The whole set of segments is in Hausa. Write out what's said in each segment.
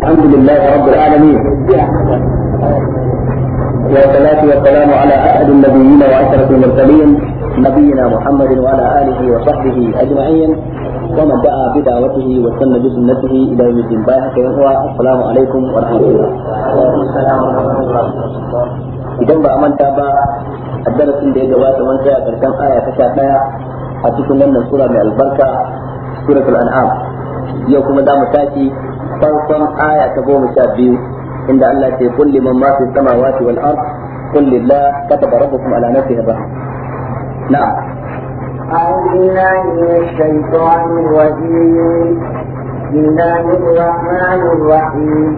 الحمد لله رب العالمين والصلاة والسلام على أحد النبيين وأشرف المرسلين نبينا محمد وعلى آله وصحبه أجمعين ومن دعا بدعوته وسن بسنته إلى يوم الدين باهك السلام عليكم ورحمة الله idan ba a manta ba a darasin da ya gabata mun tsaya karshen aya ta sha daya a cikin wannan sura mai albarka suratul an'am yau kuma za mu tashi فاوتون آية تقوم شابيو إن الله في كل من ما في السماوات والأرض قل لله كتب ربكم على نفسه بها نعم أعوذ بالله من الشيطان الرجيم بسم الله الرحمن الرحيم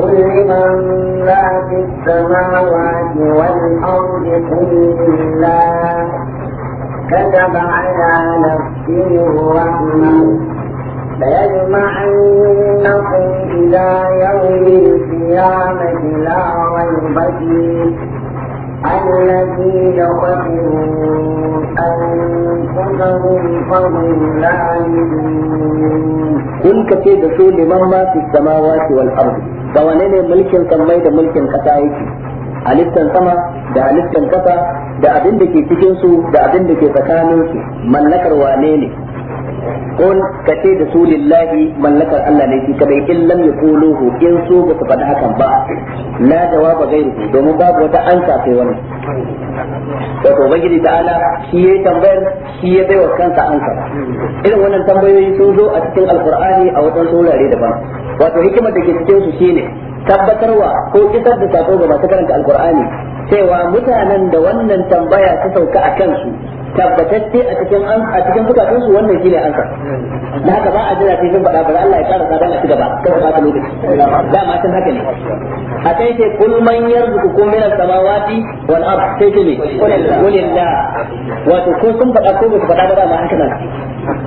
قل لمن ما في السماوات والأرض قل لله كتب على نفسه الرحمن فيجمع بينكم إلى يوم القيامة لا ريب فيه الذين خسروا أنفسهم فهم لا يؤمنون in ka ce da su liman ma fi samawati wal ardi wane ne mulkin sammai da mulkin kasa yake halittan sama da halittan kasa da abin da ke cikin da abin da ke tsakanin su mallakar wane ne kun kace da su lillahi mallakar Allah na shi kadai in lam yaquluhu in su ba su hakan ba la jawaba gairu domin babu wata ansa sai wani wato ubangiji ta'ala shi yayi tambayar shi ya baiwa kansa ansa irin wannan tambayoyi sun zo a cikin alqur'ani a wajen saurare daban wato hikimar da ke cikin shine tabbatarwa ko kisar da sako ga masu karanta alqur'ani cewa mutanen da wannan tambaya ta sauka a kansu tabbatacce a cikin an a cikin bukatun su wannan shine ansa da haka ba a jira sai sun faɗa ba Allah ya ƙara sabon a ci gaba kada ba ta lokaci da ma tun haka ne a kai ce kul man yarzuqukum min as-samawati wal ard sai ce ne kulillah wato ko sun faɗa ko ba su faɗa ba ma haka nan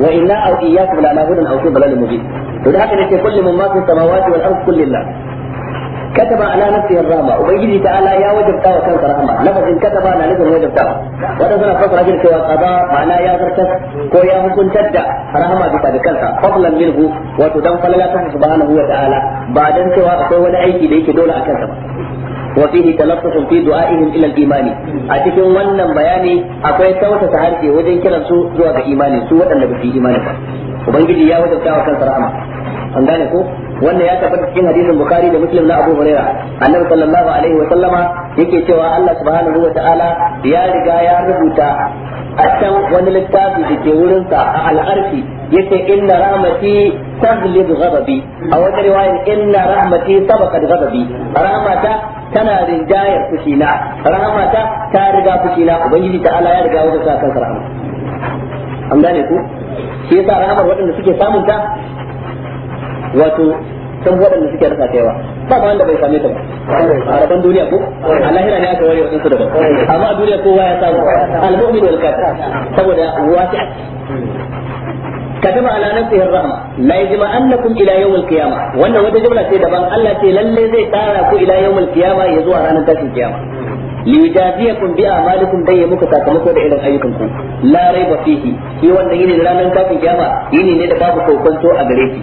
wa inna aw iyyakum la nahudun aw fi dalalin mubin to da haka ne ce kullu mimma fi as-samawati wal ard kulillah kataba ala nafsi rahma ubangiji ta'ala ya wajabta wa kansa rahma lafazin kataba na nufin wajabta wanda suna fasara shi cewa qada ma'ana ya zartar ko ya hukuntar da rahma bisa ga kansa fadlan minhu wato dan falala ta subhanahu wa ta'ala ba dan cewa akwai wani aiki da yake dole a kansa ba وفيه تلطف في دعائهم الى الايمان اتكن wannan bayani akwai tautata harshe wajen kiran su zuwa ga imani su waɗanda ba su imani ba ubangiji ya wajabta wa kansa rahama an gane wannan ya tabbata cikin hadisin bukhari da muslim na abu huraira annabi sallallahu alaihi wa sallama yake cewa Allah subhanahu wa ta'ala ya riga ya rubuta a can wani littafi da ke wurin sa a al'arfi yace inna rahmati taglib ghadabi a wata riwaya inna rahmati sabaqat ghadabi rahmata tana rinjayar fushina Rahmata ta riga fushina ubangiji ta ala ya riga wajen sa kansa rahama an gane ku shi yasa rahamar waɗanda suke samun ta wato san waɗanda suke rasa ta yawa ba ba wanda bai same ta ba a rabon duniya ko a lahira ne aka ware waɗansu daban amma a duniya kowa ya samu al-mu'min wal kafir saboda wasi'a كتب على نفسه الرحمة لا يجمعنكم إلى يوم القيامة وأن وده جملة تدبان الله تللي زي تاركوا إلى يوم القيامة يزوى رانا تاشي القيامة ليجازيكم بأعمالكم دي مكتا كمكو دي إلى أيكم لا ريب فيه في وأن يني رانا تاشي القيامة يني ندبابكم كنتو أغريكي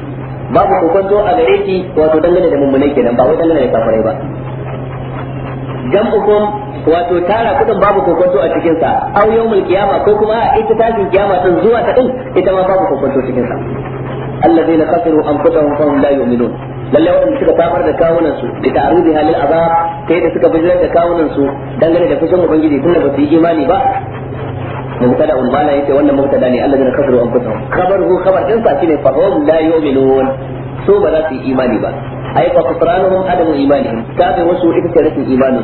babu kokonto a gare shi wato dangane da mummunai kenan ba wai dangane da kafirai ba jam'ukum wato tara kudin babu kokonto a cikin sa aw yawmul qiyama ko kuma ita tashin kiyama din zuwa ta din ita ma babu kokonto cikin sa alladheena kafaru anfusahum fa hum la yu'minun lalle wanda suka samar da kawunan su da ta'arudi halil azab kai da suka bijirar da kawunan su dangane da fushin ubangiji tunda ba su yi imani ba mubtada un bala yace wannan mubtada ne alladheena kafaru anfusahum khabaruhu khabar din sa shine fa hum la yu'minun su ba za su yi imani ba ai fa kufranuhum adamu imanihim kafin wasu ita ce rashin imanin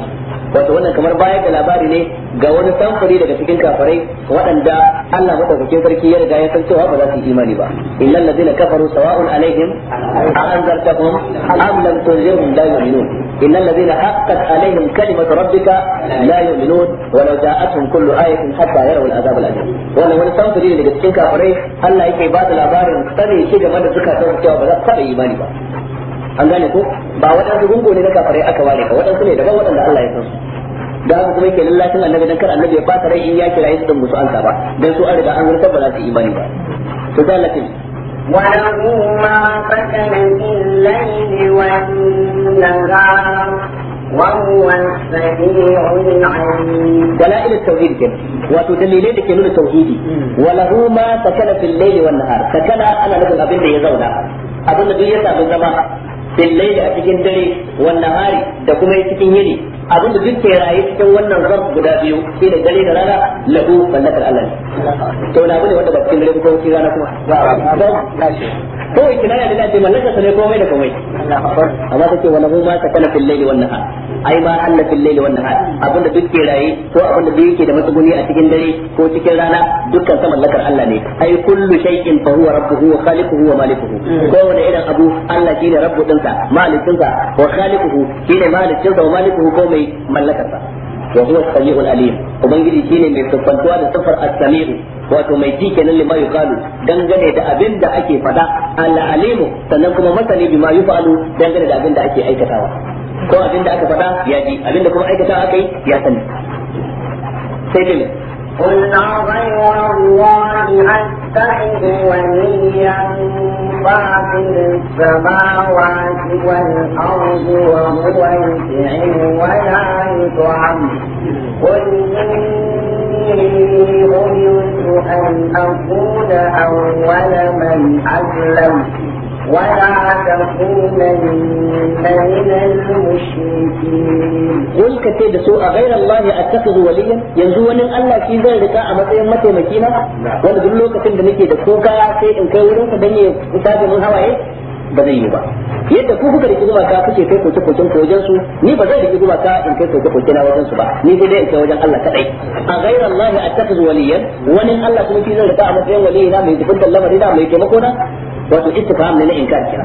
wato wannan kamar baya ga labari ne ga wani samfuri daga cikin kafirai waɗanda Allah madaukakin sarki ya riga ya san cewa ba za su yi imani ba illal ladzina kafaru sawa'un alaihim a anzartahum am lam tunzirhum la yu'minun إن الذين حقت عليهم كلمة ربك لا يؤمنون ولو جاءتهم كل آية حتى يروا العذاب الأليم wannan wani samfuri daga cikin kafirai Allah yake ba da labarin sanin shi game da zukatan cewa ba za su taɓa imani ba an gane ko ba waɗansu gungo ne na kafare aka ware ka waɗansu ne daban waɗanda Allah ya san su da haka kuma yake lallacin annabi dan kar annabi ya ba rai in ya kira su dan musu ansa ba dan su an riga an zartar ba za su imani ba to sai وله ما سكن في الليل والنهار وهو السميع العليم دلائل التوحيد كيف وتدليلين كده التوحيد وله ما سكن في الليل والنهار سكن انا نقول ابن يزونا ابن دي يسا زمان billahi a cikin dare wannan hari da kuma cikin yini abin da duk ke raye cikin wannan rabb guda biyu shi da dare da rana lahu mallakar Allah to na bane wanda ba cikin dare ko cikin rana kuma ko ikina ya da ce mallakar sa ne komai da komai amma take wa lahu ma sakana fil layli wan nahar ai ma Allah fil layli wan nahar abinda duk ke raye ko abinda duk yake da matsuguni a cikin dare ko cikin rana dukkan sa mallakar Allah ne ai kullu shay'in fa huwa rabbuhu wa khaliquhu wa malikuhu wani irin abu Allah shine rabbu dinsa sa wa khaliquhu shine sa wa malikuhu ko mai mallakarsa wa huwa as-sami'ul alim ubangiji shine mai tsufantuwa da safar as-sami'u wato mai ji kenan lima yuqalu dangane da abin da ake fada al-alimu sannan kuma masani bima yuqalu dangane da abin da ake aikatawa ko abin da aka faɗa ya ji abin da kuma aikata aka yi ya sani sai dai قل أغير الله أتخذ وليا السماوات والأرض وهو يطعم ولا يطعم قل إني أن أكون أول من أسلم ولا تكونن من المشركين قل كتير غير الله اتخذ وليا ينزو ولن الله في ذلك اما تيم متي مكينا وانا دل لوكتين da nake da koka sai in kai wurin ka danye kusa da mun hawaye ba zai yi ba yadda ku kuka riki gumaka kuke kai wajen su ni ba zai riki gumaka in kai na wajen su ba ni sai dai in kai wajen Allah kadai a ghairar Allah attakhidhu waliyan wani Allah kuma shi zai rika a matsayin waliyi na mai dukkan lamari na mai taimako na wato istifham ne na inkar kira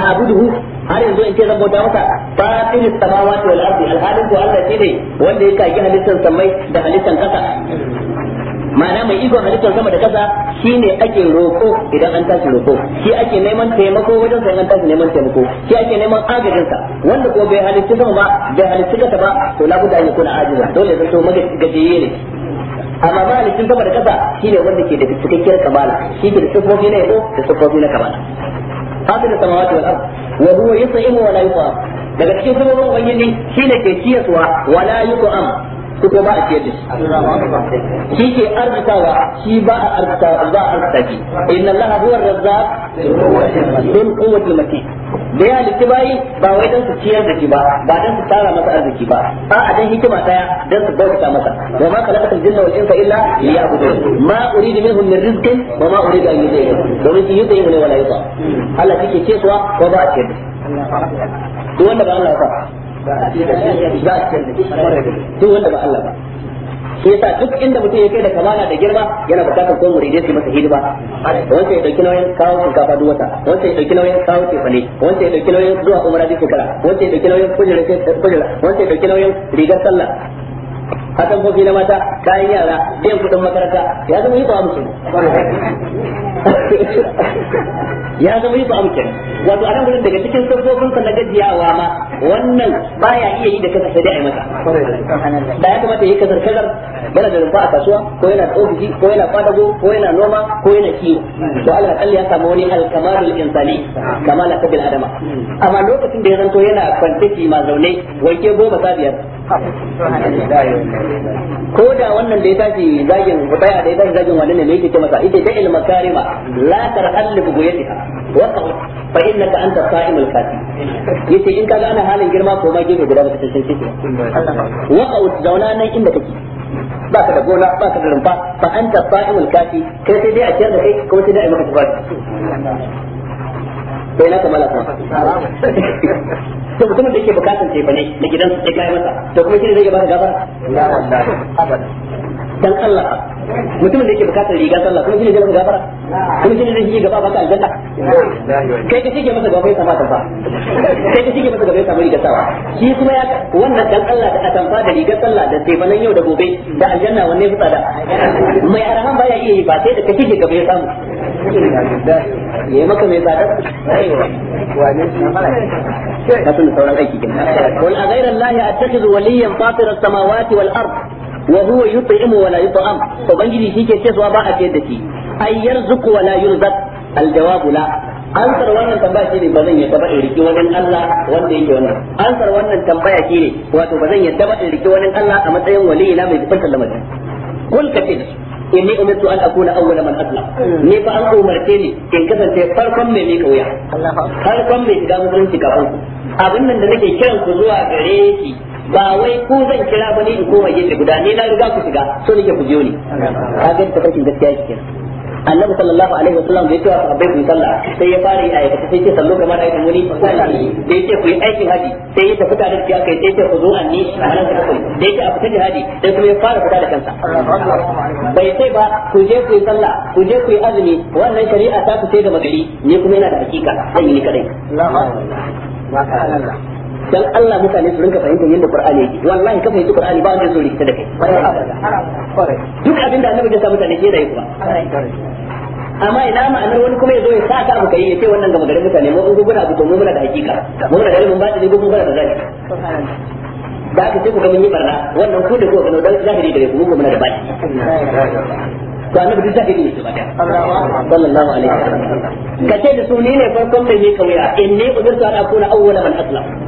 a abuduhu har yanzu in ce zan bauta masa fatilis samawati wal ardi alhadin ko Allah shine wanda ya kaki halittar samai da halittar kasa ma'ana mai iko halittar sama da kasa shine ake roko idan an tashi roko shi ake neman taimako wajen sai an tashi neman taimako shi ake neman agajin sa wanda ko bai halitta sama ba bai halitta kasa ba to labuda ya kuna ajiza dole ya to magajiye ne amma malikin sama da kasa ne wanda ke da cikakkiyar kamala shi ke da sifofi na yabo da sifofi na kamala hafi da samawati wal ard wa huwa yus'imu wa la yut'am daga cikin sifofin shi ne ke ciyaswa wa la yut'am ko ba a ciyar da shi shi ke arzikawa shi ba a arzikawa ba a arzika shi inna Allah huwa razzaq dun quwwatul matin da ya halitta bayi ba wai dan su ciyar da shi ba ba dan su tara masa arziki ba a a dan hikima daya dan su bauta masa wa ma khalaqatul jinna wal insa illa liya'budun ma uridu minhum min rizqin wa ma uridu an yudayyin domin shi yudayi ne wala yusa Allah kike cewa ko ba a ciyar da shi wanda ba Allah ya a duk wanda ba Allah ba shi yasa duk inda mutum ya kai da kamala da girma yana bukatar ko muridai su masa hidima wanda ya dauki nauyin kawo shinkafa duk wata wanda ya dauki nauyin kawo tefane wanda ya dauki nauyin zuwa umara duk shekara wanda ya dauki nauyin kujera kujera wanda ya dauki nauyin rigar sallah hakan kofi na mata kayan yara biyan kudin makaranta ya zama yi ba musulmi ya zama yusu abu kenan wato a nan gurin daga cikin sabbobin sa na gajiyawa ma wannan baya iya yi da kasa sai dai a yi masa da ya kamata yi kazar kazar yana da rumfa a kasuwa ko yana da ofishi ko yana kwadago ko yana noma ko yana kiwo to Allah kalli ya samu wani alkamalul insani kamala ta adama amma lokacin da ya zanto yana kwantaki ma zaune wanke goma ta biyar ko da wannan da ya tashi zagin mutaya da ya tashi zagin wannan ne me yake ce masa ita da ilma karima la tarhal bi guyatiha wa fa innaka anta sa'imul kafi yace in kaga ana halin girma ko ma gefe guda baka tantance shi wa qaut zauna nan inda kake ba ka da gona ba ka da rumfa fa anta sa'imul kafi kai sai dai a ciyar da kai ko sai dai a maka tufafi bai na kamala ta to mutumin da yake bukatan ce ba ne na gidansu ya kai masa to kuma shi zai ba da gabara dan Allah mutumin da yake bukatar riga sallah kuma shine zai masa gafara kuma shine zai yi gaba baka aljanna kai ka shige masa gaba ya samu tamfa kai ka shige masa gaba ya samu riga sawa shi kuma ya wannan dan Allah da atamfa da riga sallah da tefanan yau da gobe da aljanna wanne fi tsada mai arhan baya iya yi ba sai da ka shige gaba ya samu ya maka mai tsada ka tuna sauran aiki kin wal a ghayra allahi attakhidhu waliyan fatir as-samawati wal ard wa huwa yut'imu wa la yut'am ubangiji shi ke cewa ba a ce da shi ay yarzuqu wa la yurzaq al jawabu la an wannan tambaya shine ba zan yadda ba in riki wajen Allah wanda yake wannan an sar wannan tambaya shine wato ba zan yadda ba in riki wajen Allah a matsayin waliyi na mai kusantar lamarin kul kace da inni umirtu an akuna awwala man aslam ni fa an umarce ni in kasance farkon mai mika wuya farkon mai shiga musulunci kafin abin nan da nake kiran ku zuwa gare shi ba wai ku zan kira ba ni in koma gefe guda ne na riga ku shiga so nake ku biyo ni ka ga ta farkin gaskiya shi kenan annabi sallallahu alaihi wasallam bai cewa sahabbai ku sallah sai ya fara yi ta sai ce sallo kamar aikin wani da yake ku yi aikin haji sai ya tafi tare da kai sai ce ku zo ni a nan da kai da yake a fita jihadi sai kuma ya fara fita da kansa bai sai ba ku je ku yi sallah ku je ku yi azumi wannan shari'a ta ku sai da magari ne kuma yana da hakika sai ni kadai dan Allah mutane su rinka fahimta yadda Qur'ani yake wallahi ka fahimci Qur'ani ba wanda zai rikita da kai duk abin da annabi ya sa mutane ke da yi kuma amma ina ma'anar wani kuma ya zo ya sa ka abu kai ya ce wannan ga magarin mutane mu kun guna abu mu muna da hakika mu muna da ilimin ba ne ko kun guna da zaki da aka ce ku ga mun yi barna wannan ku da ku ga dan zahiri da ku muna da baki to annabi da zahiri ne gaba daya sallallahu alaihi wasallam kace da su ne farkon mai kauya inni umirtu an kuna awwala man aslama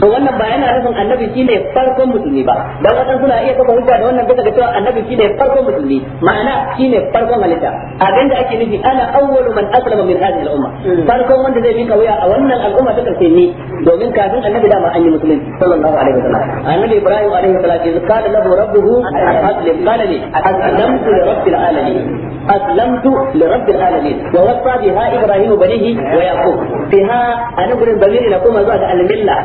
to wannan ba yana nufin annabi ne farkon musulmi ba dan wadan suna iya kafa hujja da wannan bisa ga cewa annabi ne farkon musulmi ma'ana ne farkon halitta abinda ake nufi ana awwalu man aslama min hadhihi al-umma farkon wanda zai mika kawai a wannan al'umma ta karshe ni domin kafin annabi da ma an yi musulunci sallallahu alaihi wasallam annabi ibrahim alaihi salatu wa qala lahu rabbuhu aslim qala li aslamtu li rabbil alamin aslamtu li rabbil alamin wa wasa biha ibrahim banihi wa yaqub biha ana gurin bamiri na kuma zuwa ga al-milla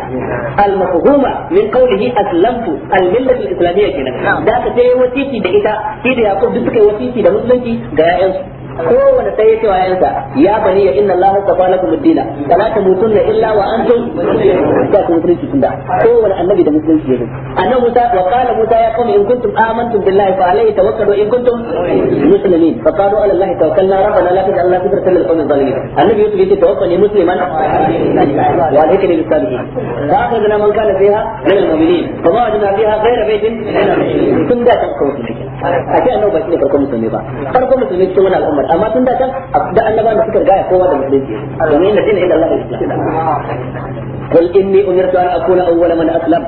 al-mafhuma min qawlihi aslamtu al-millat al-islamiyya kenan da ka sai wasiki da ita shi da yaqub duk suka wasiki da musulunci ga ƴaƴansu kowane sai ya ce wa yansa ya bani ya inna Allah safa lakum ad-dina fala tamutunna illa wa antum ta ku musulunci da. kowane annabi da musulunci yake annabi Musa wa qala Musa ya qawmi in kuntum amantum billahi fa alayhi tawakkalu in kuntum muslimin fa qalu ala Allah tawakkalna rabbana la taj'alna fitratan lil qawmi zalimin annabi Yusuf yake tawakkali musliman wa alayka lil salihin fa akhadna man kana fiha min al-mu'minin fa ma wajadna fiha ghayra baytin tunda ta kawai a ce annabi ba shi ne farkon musulmi ba farkon musulmi cikin wannan al'ummar amma tun da kan da annaba da suka gaya kowa da musulunci domin inna dinin inda Allah ya kul inni umirtu an akuna awwala man aslama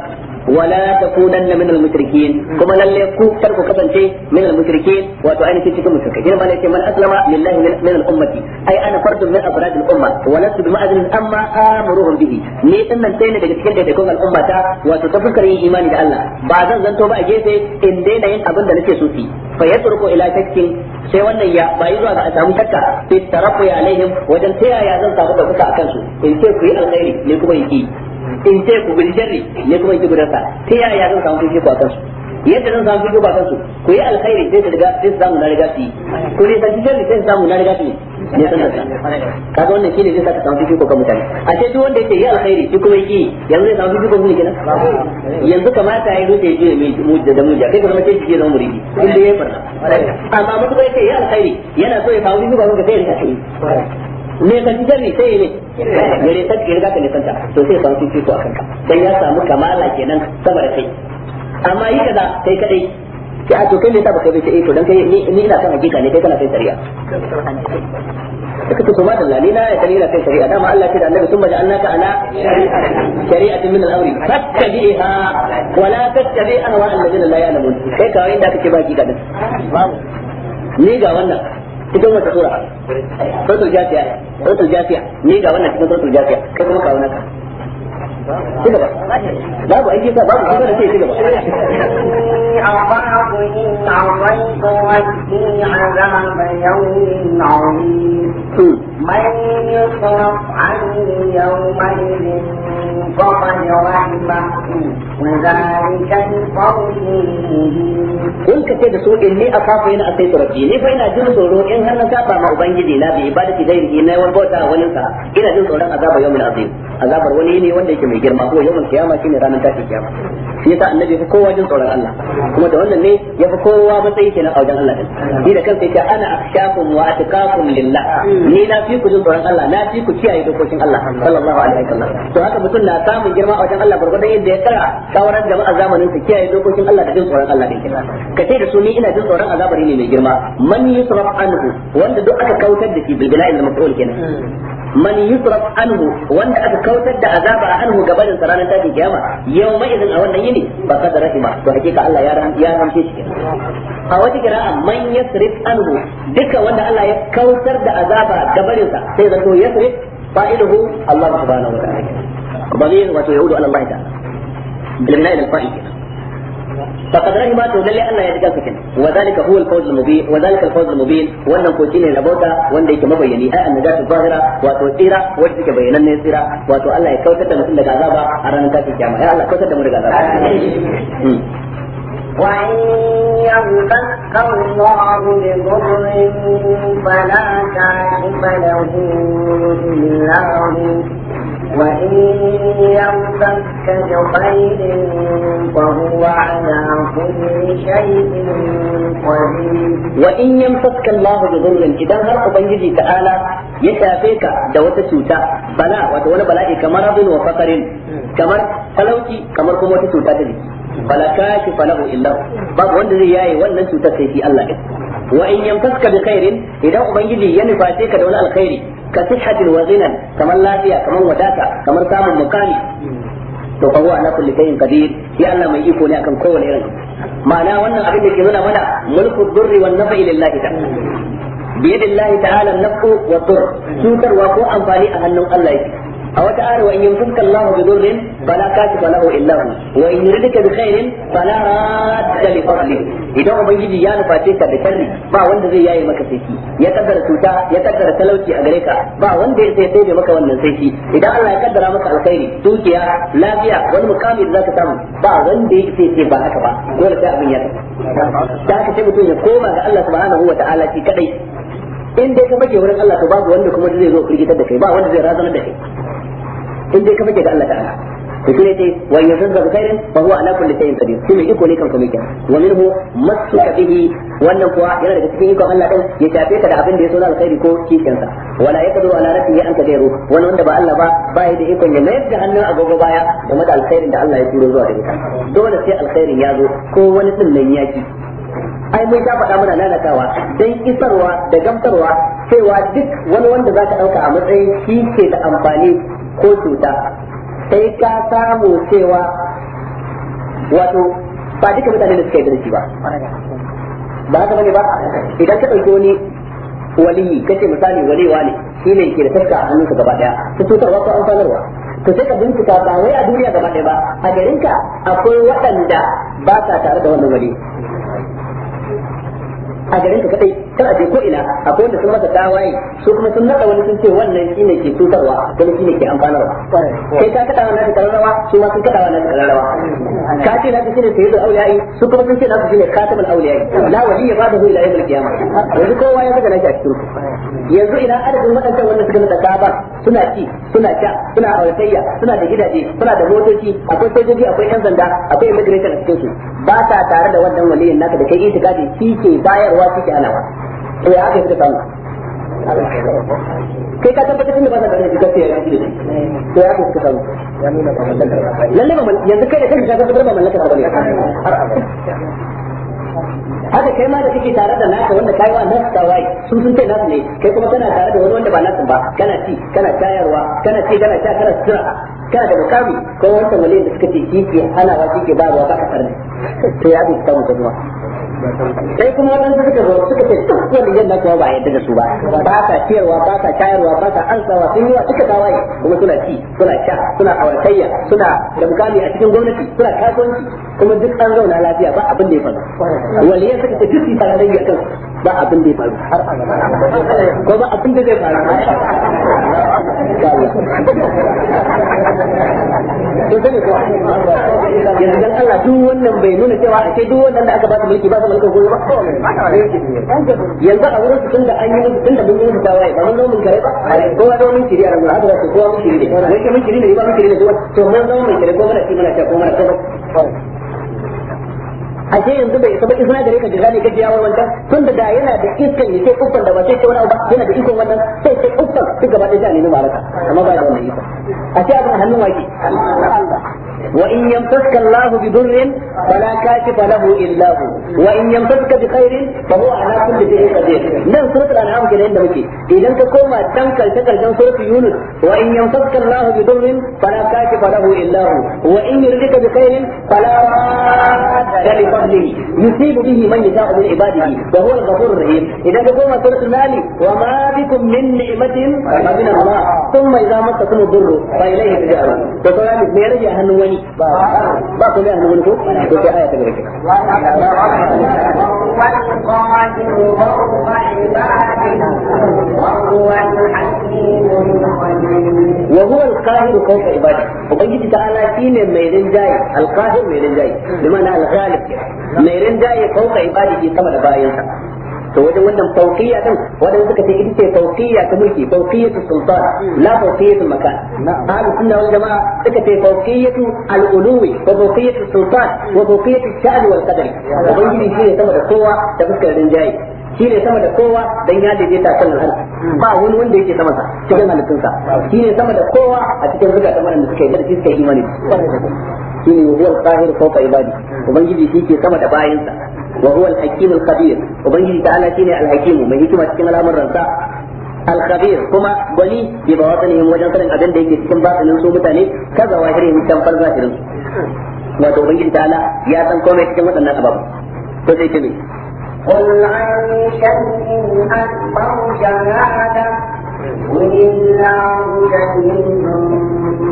wala takunanna min al-mushrikin kuma lalle ku kar kasance min al-mushrikin wato aniki cikin mushrikai ne malai ce man aslama lillahi min al-ummati ai ana fardun min afrad umma wa lastu bi amma amuruhum bihi ni din nan sai ne daga cikin daidaikon al-umma ta wato ta fuskar yin imani da Allah ba zan zanto ba a gefe in daina yin abin da nake so su fa yatruku ila shakkin sai wannan ya bayi zuwa ga a samu shakka fi tarafu alaihim wajen ta yaya zan samu dauka akan su in ce ku yi alkhairi ne kuma yi in ce ku bin sharri ne kuma in ji gudan sa ta yaya zan samu fifi ku a kansu yadda zan samu fifi ku akan su ku yi alkhairi sai su riga sai samu na riga su yi ku ne san sharri sai su samu na riga su yi ne san sa kaga wannan shine zai saka samu fifi ku kan mutane a ce duk wanda yake yi alkhairi shi kuma yake yanzu zai samu fifi ku ne kenan yanzu kamata ya rufe ji mai mujja da mujja ja kai kuma sai ji zama muridi inda yayi barna amma mutum yake yi alkhairi yana so ya samu fifi ku kan ka sai ya rika me ka ji jarri sai ne gare ta ke riga ka ne santa to sai samu fifiko akan ka dan ya samu kamala kenan sama da kai amma yi kaza kai kadai ki a to kai ne ta baka bai ce eh, to dan kai ni ina kan hakika ne kai kana kai shari'a suka ce ma dalla ni na ya tani ina kai shari'a dama Allah ce da annabi sun maja'alnaka ala shari'atin min al-amri fattabi'ha wa la tattabi' ahwa alladhina la ya'lamun kai kawai inda kake baki ga ni ga wannan cikin wata sura suratul jafiya suratul jafiya ni ga wannan cikin suratul jafiya kai kuma ka wannan ka ci gaba babu aiki ka babu kuma da ke ci gaba من يصرف عنه يومئذ فقد رحمه وذلك الفوز in ka ce da su in ni a kafa yana a sai ni fa ina jin tsoro in har na saba ma ubangiji na bi ibadati da yi na wani bauta wani sa ina jin tsoron azaba yawmin azim azabar wani ne wanda yake mai mai girma kuma yawan kiyama shine ranar tashin kiyama shi yasa annabi fa kowa jin tsoron Allah kuma da wannan ne ya fi kowa matsayi kenan a wajen Allah din shi da kansa yake ana akhshakum wa atqakum lillah ni na fi ku jin tsoron Allah na fi ku kiyaye dokokin Allah sallallahu alaihi wasallam to haka mutum na samun girma a wajen Allah gurgurdan yadda ya tsara shawarar jama'a zamanin sa kiyaye dokokin Allah da jin tsoron Allah din ka ce da su ni ina jin tsoron azabari ne mai girma man yusraf anhu wanda duk aka kautar da shi bilbilai da mafi'ul kenan man yusraf anhu wanda aka kautar da azaba anhu gabanin ranar tashin kiyama yau mai izin a wannan yini ba ka da rahima to hakika Allah ya ran ya ramshe shi a wata kira'a man yasrif anhu duka wanda Allah ya kautar da azaba gabanin sa sai zato yasrif fa'iluhu Allah subhanahu wa ta'ala ba zai wato yaudu Allah ta'ala bilmina ila fa'il faqad rahima to lalle Allah ya diga sakin wa zalika huwa al-fawz al-mubin wa zalika al-fawz al-mubin wannan ko shine rabota wanda yake mabayyani ai annajatu zahira wato tsira wanda take bayanan Allah ya kautar a ranar kafin kiyama ya Allah وإن يمسك الله بضر فلا كاشف له إلا وإن يمسك بخير فهو على كل شيء قدير وإن يمسك الله بضر إذا هر أبنجي تعالى يشافيك دوت سوتا بلا وتولى بلاء كمرض وفقر كمر فلوتي كمر كموت سوتا تبي بلا كاشف له إلا باب وندري ياي ولن سوتا سيدي الله wa in yamtaska bi khairin idan ubangiji ya nuface ka da wani alkhairi ka sihhatin wa zinan kamar lafiya kamar wadata kamar samun mukami to fa huwa ala kulli shay'in qadir ya Allah mai iko ne akan kowane irin ma'ana wannan abin da ke nuna mana mulku durri wan nafi lillahi ta'ala bi yadillahi ta'ala an-nafu wa cutarwa ko amfani a hannun Allah yake a wata ayar wa in yumsika Allahu bi bala fala bala lahu illa hu wa in yuridka bi khairin fala radda li fadli idan ubangiji ya nuface ka da sharri ba wanda zai yaye maka sai ya kaddara cuta ya kaddara talauci a gare ka ba wanda ya sai sai maka wannan sai idan Allah ya kaddara maka alkhairi dukiya lafiya wani mukami da zaka samu ba wanda ya sai sai ba haka ba dole sai abin ya tafi da haka sai mutum ya koma ga Allah subhanahu wa ta'ala shi kadai in dai ka bage wurin Allah to babu wanda kuma zai zo firgitar da kai ba wanda zai razana da kai in dai ka fake ga Allah ta'ala to shine sai wa yuzza bi khairin fa huwa ala kulli shay'in qadir shi mai iko ne kan komai wa minhu masuka bihi wannan kuwa yana daga cikin ikon Allah din ya tafe ka da abin da ya so na alkhairi ko kikin sa wala yakadu ala rafihi an kadairu wani wanda ba Allah ba ba ya da ikon ya mayar da hannun agogo baya game da alkhairin da Allah ya turo zuwa gare ka dole sai alkhairin ya zo ko wani din nan yaki ai mun ta faɗa muna lalatawa dan isarwa da gamsarwa cewa duk wani wanda zaka dauka a matsayin shi ke da amfani ko cuta sai ka samu cewa wato ba duka mutane da suka yi da ba ba haka bane ba idan ka ɗauki wani waliyi kace misali walewa ne shi ne ke da tafka a hannunsa gaba daya ta wasu an sanarwa to sai ka bincika ba wai a duniya gaba daya ba a garinka akwai waɗanda ba sa tare da wannan wali a garinka kaɗai kar a je ko ina akwai wanda sun masa tawaye su kuma sun naɗa wani sun ce wannan shi ne ke tutarwa wani ne ke amfanarwa kai ka na wannan rawa su ma sun kada wannan rawa ka ce na shine sayyidul auliyai su kuma sun ce na shine khatamul auliyai la bada ba'dahu ya mulki qiyamah yanzu kowa ya saka shi a cikin yanzu ina adadin waɗancan wanda suka nada ba suna ci suna sha suna auratayya suna da gidaje suna da motoci akwai sojoji akwai yan zanda akwai immigration a cikin su ba sa tare da wannan waliyin naka da kai itikadi shi ke bayarwa shi ke alawa to ya aka kai ka tabbatar da ba za ka gane eh, sai ba kai da kanka ka tabbatar ba ne haka kai ma da kake tare da naka wanda kai wa nasu tawai sun nasu ne kai kuma kana tare da wani wanda ba ba kana ci kana tayarwa kana ci kana sha kana sura kana da mukami ko da suka ce kike ba ba ka tare to ya bi ta mutum sai kuma waɗansu suka zo suka ce duk waliyan na kuwa a yadda da su ba ba sa ciyarwa ba sa cayarwa ba sa ansawa sun yi wa duka tawaye kuma suna ci suna sha suna auratayya suna da mukami a cikin gwamnati suna kasuwanci kuma duk an zauna lafiya ba abin da ya faru waliyan suka ce duk kansu ba abin da ya faru ko ba abin da zai faru to yanzu dan Allah duk wannan bai nuna cewa a ce duk wannan da aka ba su mulki ba su mulki gobe ba yanzu a wurin tun da an yi musu tun da mun yi musu tawaye ba mun zo mun kare ba kowa zo mun kiri a nan haka ko kowa mun kiri ne ne ke mun kiri ne ba mun kiri ne to mun zo mun kiri ko mana ci mana ta ko mana ba ashe yanzu bai isa ba isna gare ka jiga ne gajiya wai wancan tun da yana da iskan ne sai kuffan da ba sai wani ba yana da ikon wannan sai sai kuffan duk gaba ɗaya ne malaka amma ba da wannan ikon ashe abin hannun wake Allah wa in yamsaka Allahu bi durrin فلا كاشف له الا هو وان يمسسك بخير فهو على كل شيء قدير نعم سوره الانعام كده عند مكي اذا انت كوما تنكل تكل سوره يونس وان يمسسك الله بضر فلا كاشف له الا هو وان يردك بخير فلا راد لفضله يصيب به من يشاء من عباده وهو الغفور الرحيم اذا انت كوما سوره المال وما بكم من نعمه فمن الله ثم اذا مسكم الضر فاليه تجارون وسؤال ما يرجع هنوني با با كلها هنوني ko sai aya ta gaba kika wa huwa al-qahir fawqa ibadi ubangiji ta'ala shine mai rinjaye al-qahir mai rinjaye bi ma'ana al-ghalib mai rinjaye fawqa ibadi sama da bayansa to wajen wannan fawqiyya din wadan suka ce ita ce fawqiyya ta mulki fawqiyyatu sultan la ta makan ahlus sunna wal jamaa suka ce fawqiyyatu al-ulumi wa ta sultan wa ta sha'ni wal qadari ubangiji shi ne sama da kowa da fuskar rinjaye shi ne sama da kowa dan ya ta kan nan ba wani wanda yake sama sa cikin halittunsa shi ne sama da kowa a cikin zukatan wanda suka yi da suka yi imani shi ne wa huwa al-qahir fawqa ibadi ubangiji shi ke sama da bayinsa wa huwa al-hakim al-khabir ubangiji ta'ala mai hikima cikin al'amuran sa al-khabir kuma gwani bi bawatanihim wajen sanin abin da yake cikin batinin su mutane kaza wahirin kan farzahirin wato ubangiji ta'ala ya san komai cikin waɗannan ababu to sai قل عن شيء أكبر شهادة قل الله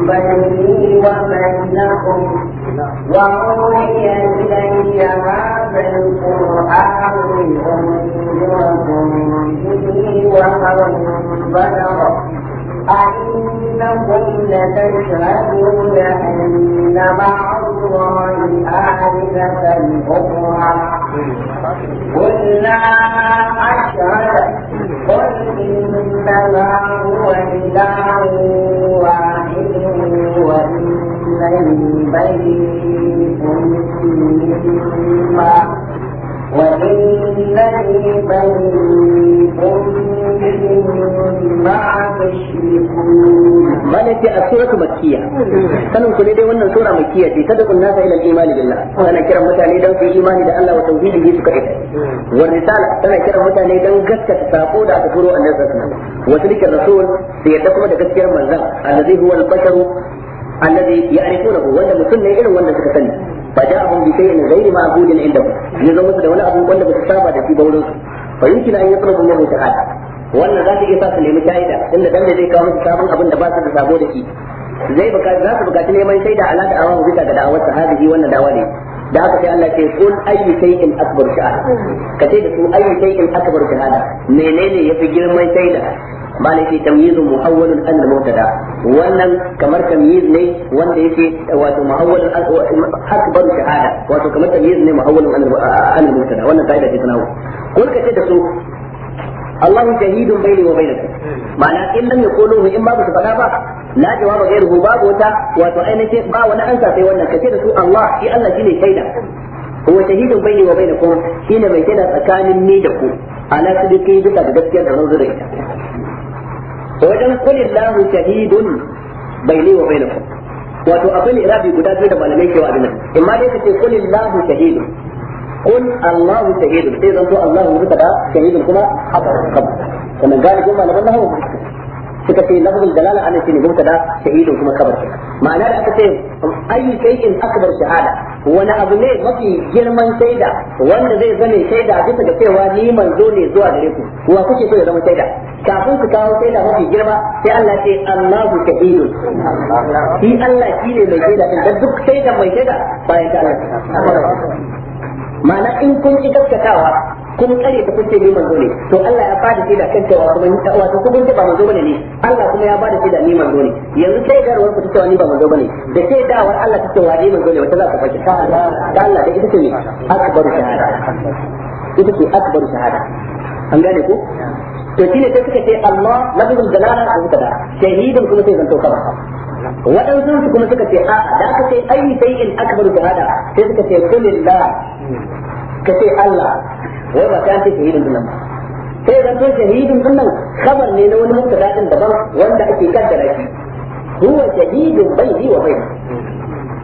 بيني وبينهم وأوحي إلي هذا القرآن لأنذركم به ومن بلغ أئنكم لتشهدون أن مع الله آلهة أخرى قل لا أشهد قل إنما هو إله واحد هو إنني بريء مما وإنني بريء مما malam ce a suratu makkiya sanin ku ne dai wannan sura makkiya ce tada kun nasa ila imani billah tana kiran mutane dan su imani da Allah wa tauhidihi suka kai war risala tana kiran mutane dan gaskata sako da aka turo annabi sallallahu alaihi wasallam wa tilka rasul sai yadda kuma da gaskiyar manzon allazi huwa al-basharu alladhi ya'rifunahu wanda mutum ne irin wanda suka sani fa ja'ahum bi shay'in ghayri ma'budin indahum ya zo musu da wani abu wanda ba su saba da shi ba wurin su fa yumkin an yatlubu Allahu ta'ala wannan za su iya sa su nemi shaida inda dan da zai kawo musu sabon abin da ba su da sabo da shi zai bukaci neman shaida ala da awan bisa ga da'awar sahabi wannan da haka sai Allah ce kul ayyu shay'in akbar shahada kace da su ayyu shay'in akbar shahada menene yafi girman shaida malai ce tamyizun muhawwalun an mubtada wannan kamar tamyiz ne wanda yake wato muhawwalun akbar shahada wato kamar tamyiz ne muhawwalun an mubtada wannan kaida ce tanawu ka ce da su Allahu shahidun baini wa bainakum ma'ana in lam yaquluhu in ba su fada ba la jawaba ghairuhu babu wata wato ainihin ba wani ansa sai wannan kace da su Allah shi Allah shine shaida wa هو شهيد da وبينكم حين بيتنا تكان ميدكم على da بك da ita. wajen kulli Allahu shahidun baini wa bainakum wato akwai ne irabi guda biyu da malamai cewa dinan imma dai kace kulli Allahu shahidun kun Allahu shahidun sai zanto Allahu mutada shahidun kuma haka kuma kana galibin malaman nahawu suka ce lafzul dalala ana shine mubtada shahidun kuma kabar ma'ana da aka ce ayi shay'in akbar shahada wani abu ne mafi girman shaida wanda zai zame shaida bisa ga cewa ni manzo ne zuwa gare ku wa kuke so ya zama shaida kafin su kawo shaida mafi girma sai Allah ce Allahu shahidun shi Allah shi ne mai shaida din duk shaida mai shaida bayan ta Allah ma'ana in kun ki gaskatawa kun kare ta kuce ni manzo ne to Allah ya bada shaida kan cewa kuma ni wato kun ba manzo bane ne Allah kuma ya bada shaida ni manzo ne yanzu kai da rawar ku ta ni ba manzo bane da sai dawar Allah ta cewa ni manzo ne wata za ka fake ta Allah da ita ce ne akbaru shahada ita ce akbaru shahada an gane ku to shine sai suka ce Allah lafzul jalala da suka da shahidin kuma sai zanto kaba waɗansu su kuma suka ce a da aka ce ayi sai in akbaru shahada sai suka ce kulillah ka ce Allah wai ba ka ce shahidin din ba sai zan to shahidin din khabar ne na wani mubtada din daban wanda ake kaddara shi huwa shahidin yi wa baini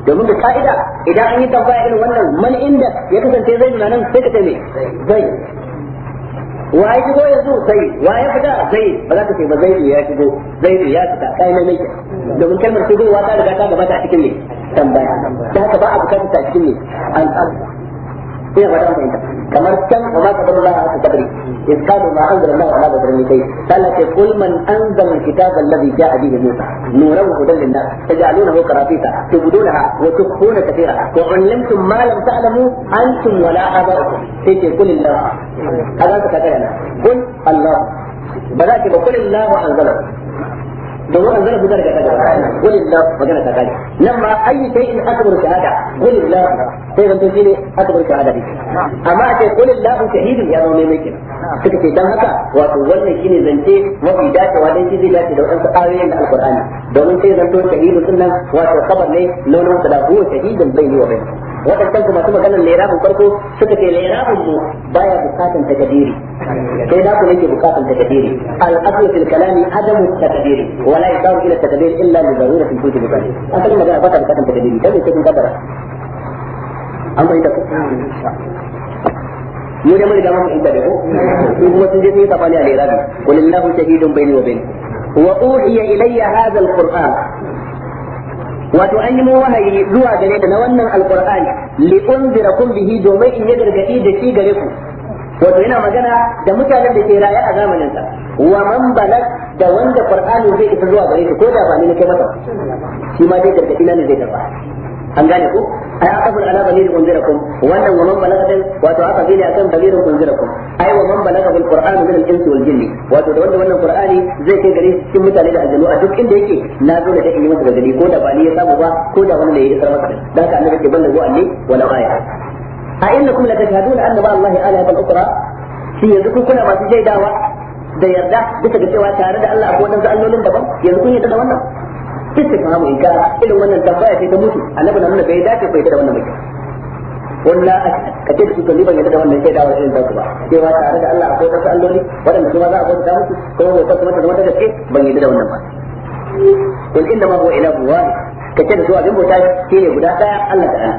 domin da ka'ida idan an yi tambaya irin wannan man inda ya kasance zai nuna nan sai ka ce me zai wa ya shigo yanzu sai, wa ya fita zai ba za ka ce ba zai ya shigo zai ya fita kai na mai domin kalmar shigowa ta riga ta gabata cikin ne tambaya da haka ba a bukatar ta cikin ne an في wata fahimta kamar can wa ma qadara Allah إذ قالوا ما أنزل الله على بدر الميتين قال قل من أنزل الكتاب الذي جاء به موسى نورا وهدى للناس تجعلونه كرافيسا تبدونها وتخفون كثيرا وعلمتم ما لم تعلموا أنتم ولا آباؤكم كيف قل الله هذا كتابنا قل الله ولكن وقل الله أنزله da wannan zan fitar da kaga walillah magana ta kaga nan ma ayi kai in akbaru shahada walillah sai dan tafi ne akbaru shahada ne amma sai walillah shahidin ya zama mai kina suka ce dan haka wato wannan shine zance mafi dacewa dan shi zai dace da wannan ayoyin da alqur'ani domin sai zanto shahidin sunan wato kabar ne nono da ko shahidin bai ne wa bai waɗancan kuma kuma ganin lairafin farko suka ce lairafin mu baya bukatan takadiri sai da ku nake bukatan takadiri al-aslu fil kalami adamu takadiri wa la yasaru ila takadiri illa li daruratin tujibu bal asalin magana ba ta bukatan takadiri dan sai kun kadara an bai da ku mu da mun riga mun inda da ku kuma sun je sun yi tafani a lairafin qul illahu shahidun bayni wa bainakum wa uhiya ilayya hadha al-qur'an wato an yi wahayi zuwa gare da na wannan alqur'ani li unzirakum bihi domin in yi gargadi da shi gare ku wato yana magana da mutanen da ke raye a zamanin sa wa man balag da wanda qur'ani zai isa zuwa gare ko da ba ni na kai masa shi ma dai gargadi na ne zai karba an gane ku ay aqbul ala balil unzirakum wannan wa man balagha din wato aka bi ne akan balil unzirakum ay wa man balagha bil qur'an min al insi wal jinni wato da wanda wannan qur'ani zai kai gare cikin mutane da aljanu a duk inda yake na zo da dai in yi masa gari ko da ba ni ya samu ba ko da wanda ya isar masa dan ka annabi ke balla zuwa ne wala aya a innakum latajhaduna anna ma allahi alahatan ukra shi yanzu ku kuna masu jaidawa da yarda bisa ga cewa tare da Allah akwai wadansu allolin daban yanzu kun yi da wannan istikhamu inkara irin wannan tambaya ce ta mutu annabi na nuna bai dace bai da wannan mutum walla ka ce su to ni ban yadda da wannan shaida wa irin ku ba cewa tare da Allah akwai wasu alloli wadanda kuma za a bauta musu kuma bautar kuma ta zama ta gaske ban yadda da wannan ba kul inda ma huwa ila wahid ka ce da su abin bauta ne guda daya Allah ta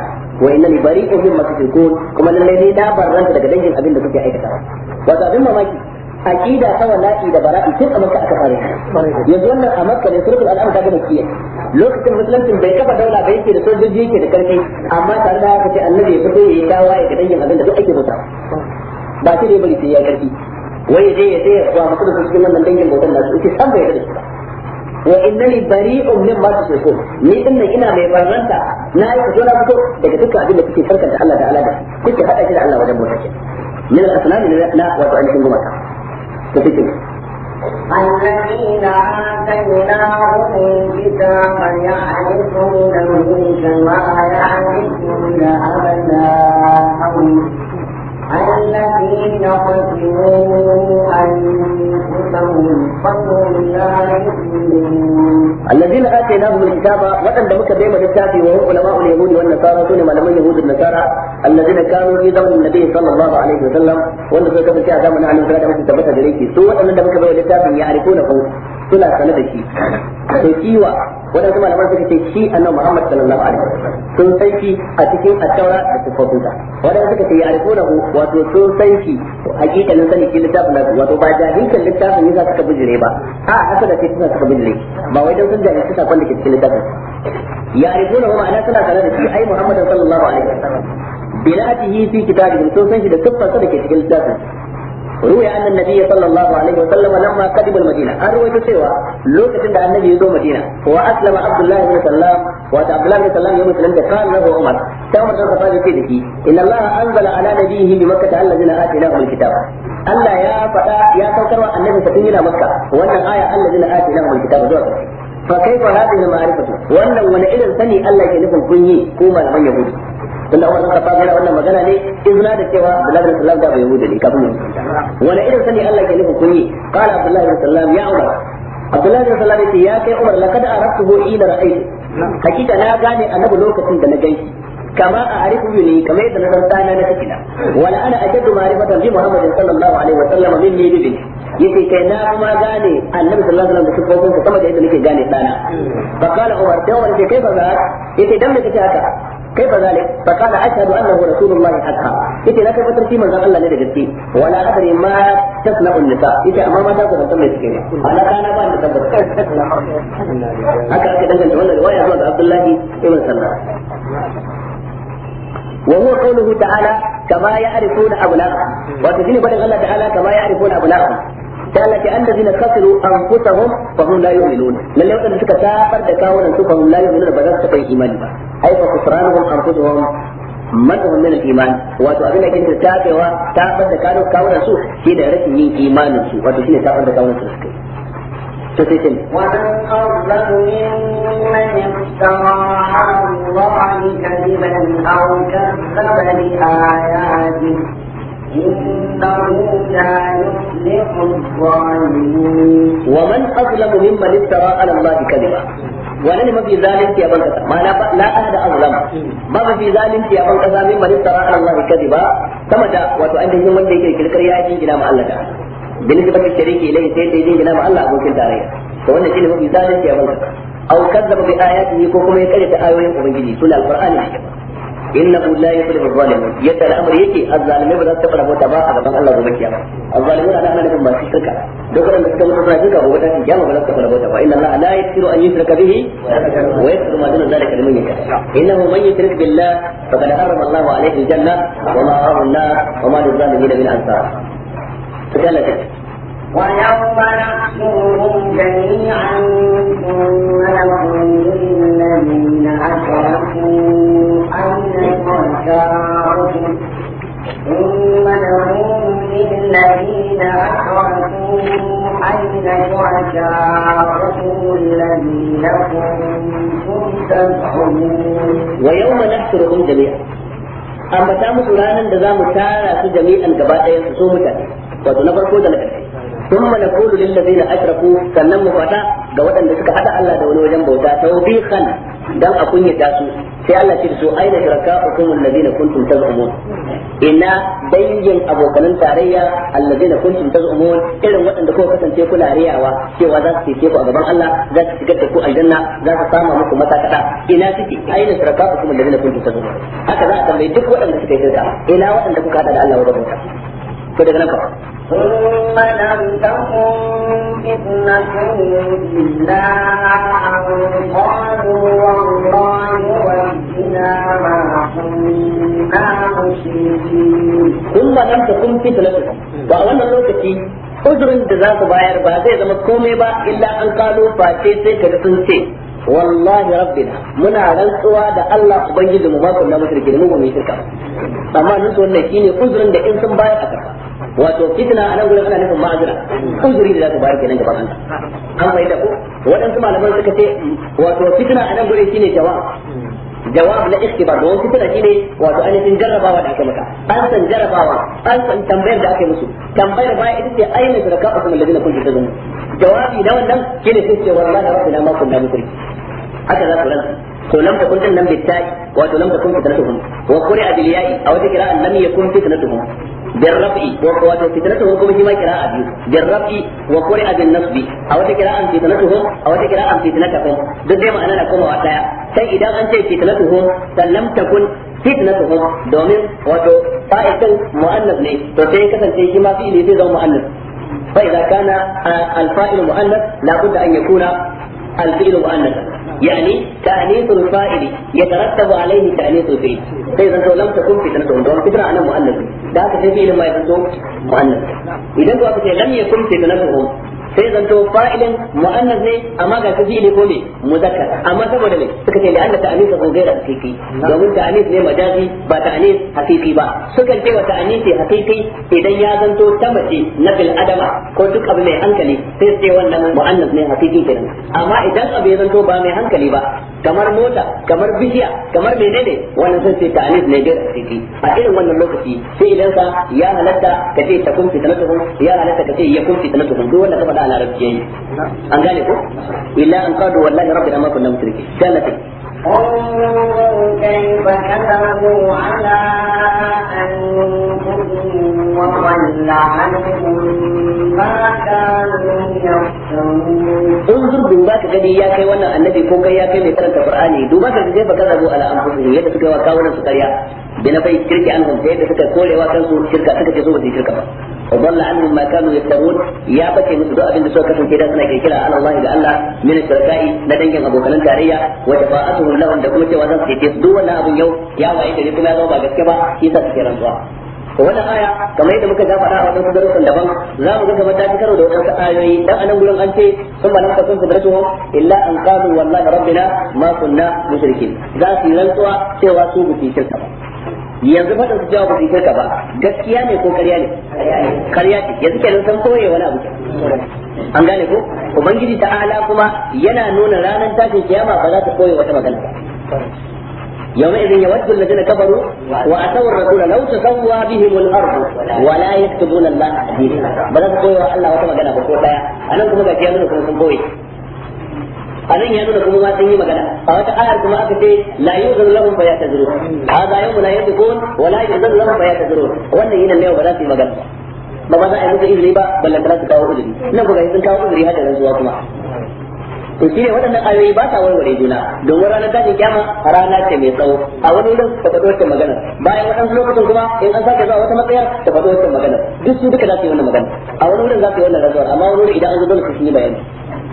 wa innani bari'un mimma tushrikun kuma lallai ne da barranta daga dangin abin da kuke aikata wato abin mamaki aqida ta wala'i da bara'i tun a makka aka fara yanzu wannan a makka ne surkul al'am ta gama kiyar lokacin musulunci bai kafa daula ba yake da sojoji yake da karfi amma tare da haka ce annabi ya fito ya kawo ya ga dangin abin da duk ake bauta ba shi ne bari sai ya karfi wai je ya tsaya wa mutum su cikin wannan dangin bautan nasu yake san bai da shi ba wa innani bari'un mimma tushriku ni din nan ina mai barranta na yi fito na fito daga dukkan abin da kuke farkanta Allah da Allah da kuke hada shi da Allah wajen bauta ke min al-asnam na wato an cikin gumaka ketika Al-Latina atayna'um kitaba ya'arifu lahu kama ya'arifu la'abada Al-Latina qasimu الذين آتيناهم الكتاب وأن دمك بهم للكافي وهم علماء اليهود والنصارى دون معلم اليهود والنصارى الذين كانوا في زمن النبي صلى الله عليه وسلم وأن سوى كفر شاء زمن عن ثلاثة مثل تبتها جريكي سوى أن دمك بهم للكافي يعرفونه suna sane da shi to kiwa waɗansu malaman suka ce shi annabi Muhammad sallallahu alaihi wasallam sun san shi a cikin at-taura da sifofinsa waɗansu suka ce ya'rifunahu wato sun san shi hakikanin sani shi littafin nasu wato ba jahilkan littafin yasa suka bijire ba a haka da sai suna suka bijire ba wai dan sun jahilci sakon da ke cikin littafin ya'rifunahu ma'ana suna sane da shi ai Muhammad sallallahu alaihi wasallam bilatihi fi kitabihim sun san shi da sifarsa da ke cikin littafin ruwa an annabi sallallahu alaihi wa sallam lamma qadima al-madina an ruwaito cewa lokacin da annabi ya zo madina wa aslama abdullah ibn sallam wa abdullah ibn sallam ya musulunta kan lahu umar sai umar dan kafa allah anzala ala nabihi bi makkah allazina Allah ya saukarwa annabi sa tun yana makka wannan aya allazina atainahu al-kitab zuwa fa kaifa hadhihi wannan wani irin sani Allah ke nufin kun yi ko malaman yahudi tunda Umar bin Khattab yana wannan magana ne izna da cewa Abdullah bin Sallam da yi Yahudi ne kafin wani irin sani Allah ke nufi kunyi qala Abdullahi bin Sallam ya Umar Abdullah bin Sallam yace ya kai Umar a laqad araftuhu ila ra'aytu hakika na gane annabi lokacin da na ganshi kama a arifu ne kamar yadda na san tsana na cikina wala ana ajaddu ma'rifatan bi Muhammadin sallallahu alaihi wa sallam ni bi yake kai na kuma gane annabi sallallahu alaihi wasallam da sifofin sa sama da yadda nake gane dana fa qala umar dan wani kai ba za yake dan me kace haka كيف ذلك فقال أشهد أنه رسول الله حقا يتي لا كيف ترسي من الله لدى جدي ولا أدري ما تصنع النساء يتي أما ما تأخذ أنتم يتكيني أنا كان أبا نتبت هكا أكد أنت تولى رواية عبد الله ابن سلام وهو قوله تعالى كما يعرفون أبناءهم وتجيني بدل الله تعالى كما يعرفون أبناءهم قال أن الذين خسروا أنفسهم فهم لا يؤمنون لن يؤمنوا سكا سافر دكاونا فهم لا يؤمنون بذلك إيمان بها ai fa kusranuhum anfusuhum madhum min al-iman wato abin da kinta ta ta bar da kawo kawunan su shi da rashin yin imanin su wato shine ta bar da kawunan su suka yi sai ومن أظلم ممن افترى على الله كذبا wani ne mafi zalunci a bankasa ma'ana la ahada azlam ba mafi zalunci a bankasa min ba istara ala Allah ba sama da wato ainihin wanda yake kirkar ya yi gina ma Allah da bin sifatu shariki ilayhi sai sai yin gina ma Allah abokin tarayya to wannan shine mafi zalunci a bankasa aw kazzaba bi ayatihi ko kuma ya karanta ayoyin ubangiji sunan alqur'ani ne إنه لا يفلح الظالمون يسأل أمر يكي الظالم يبدأ تقرأ متابعة أبداً الله ذو كيامة الظالم الظالمون أنا أعلمكم ما تشترك دكرا مستوى مصرحيك هو بدأ كيامة بدأ تقرأ متابعة إن الله لا يسر أن يشرك به ويكثر ما دون ذلك لمن يكا إنه من يشرك بالله فقد أرم الله عليه الجنة وما أعرم النار وما للظالمين من أنصار تجلى جنة ويوم نحشرهم جميعا ثم نقول للذين أشركوا أبصارهم ثم نقول للذين أشركوا أين شركاؤكم الذين كنتم تزعمون ويوم نحشرهم جميعا أما تامس رانا دزام تارا جميعا قبائل سومتا وتنبر كودا لكتب thumma naqulu lil ladzina ashraku sannan mu fada ga waɗanda suka hada Allah da wani wajen bauta tawbihan dan a kunyata su sai Allah ce da su aina shirakaukum alladhina kuntum taz'umun ina dangin abokanan tarayya alladhina kuntum taz'umun irin waɗanda kuka kasance kuna riyawa cewa za su fice ku a gaban Allah za su shigar da ku aljanna za su sama muku matakata ina suke aina shirakaukum alladhina kuntum taz'umun haka za a tambayi duk waɗanda suka yi shirka ina waɗanda kuka hada da Allah wajen bauta ko daga nan fa kuma nan ta kun fi tilasta ba a wannan lokaci uzurin da za ku bayar ba zai zama komai ba illa an kalo face sai ka da sun wallahi rabbina muna rantsuwa da Allah ubangiji mu ba ku na mushriki mu ba mu shirka amma nan wannan shine uzurin da in sun bayar a karba wato fitna a nan gurin ana nufin ma'azira uzuri da za su bayar kenan gaban Allah an bai da ku waɗansu malaman suka ce wato fitna a nan gurin shine jawab jawab na ba don fitna shine wato ainihin jarrabawa da aka maka an san jarrabawa an san tambayar da aka yi musu tambayar baya ita ce ainihin suraka ukum alladina ta tazunun jawabi na wannan shine sai ce wallahi rabbina ma kunna mushriki haka za su rantsi to lam takun din nan bitai wato lam fitnatuhum wa fitnatuhum raf'i wa wato fitnatuhum kuma shi ma qira'a biyu bil raf'i wa qura bil nasbi aw ta qira'a fitnatuhum fitnatuhum duk dai ma'ana na komawa daya sai idan an ce fitnatuhum dan lam takun fitnatuhum domin wato fa'idan mu'annas ne to sai kasance shi ma zai zama mu'annas فإذا كان الفاعل مؤنث لابد أن يكون الفعل مؤنثا يعني تأنيث الفائل يترتب عليه تأنيث الفيل فإذا لم تكن فتنة وأن فتنة أنا مؤنث ذاك في فيل ما يفتو مؤنث إذا لم يكن فتنتهم sai zanto fa'ilin mu'annas ne amma ga kafi ne ko me muzakkar amma saboda me suka ce la'anna ta'anis ban gaira hakiki domin ta'anis ne majazi ba ta'anis hakiki ba sukan ce wa ta'anis hakiki idan ya zanto ta mace na bil adama ko duk abu mai hankali sai sai wannan mu'annas ne hakiki kenan amma idan abu ya zanto ba mai hankali ba kamar mota kamar bishiya kamar menene wannan sun ce ta'anif ne bai asiri a irin wannan lokaci sai idan sa ya halatta ka ce ta kun fitnatuhum ya halatta ka ce ya kun fitnatuhum duk wanda ka faɗa a larabci yayi an gane ko illa an qadu wallahi rabbina ma kunna mushriki sallati انظر كيف كذبوا على أنفسهم وضل عنهم ما duba ka gani ya kai wannan annabi ko kai ya kai mai karanta qur'ani duba ka gani baka zabo ala anfusihim yadda suka wa kawunan su karya bi na bai kirki an hum yadda suka korewa kansu shirka suka ce so ba shirka ba wa dalla anhum ma kanu yaftarun ya bace musu duk abin da suka kasance da suna kirkira ala Allah da Allah min shirkai na dangin abokan tarayya wa tafa'atuhum lahum da kuma cewa zan su ce duk wannan abun yau ya waye da kuma ya zama ba gaske ba shi yasa suke rantsuwa wani aya kamar yadda muka ja a wadansu darussan daban za mu ga kamar ta fi karo da wadansu ayoyi dan anan gurin an ce sun ba lamka sun fidratuhum illa an qalu wallahi rabbina ma kunna mushrikin za su yi rantsuwa cewa su ba su shirka ba yanzu faɗin su cewa ba su shirka ba gaskiya ne ko ƙarya ne ƙarya ce yanzu kenan san koye wani abu an gane ko ubangiji ta'ala kuma yana nuna ranar tashin kiyama ba za ta koye wata magana ba يومئذ يود الذين كفروا واتوا الرسول لو تسوى بهم الارض ولا يكتبون الله حديثا بل تقولوا الله وكما كان بقول لا انا كما كان يقولون كم بوي a nan ya nuna kuma ma sun yi magana a wata ayar kuma aka ce la yuzanu lahum fa yatazuru hadha yawmu la yadkun wa la yuzanu lahum fa yatazuru wannan yana ne ba za su yi magana ba ba a yi musu izini ba balle kawo izini nan kuma sun kawo izini har da rantsuwa kuma to ne waɗannan ayoyi ba sa warware juna domin ranar tashin a rana ce mai tsawo a wani wurin ta faɗo wata magana bayan waɗansu lokacin kuma in an sake zuwa wata matsayar ta faɗo wata magana duk su duka za su yi wannan magana a wani wurin za su yi wannan rasuwar amma wani wurin idan an zo dole su yi bayani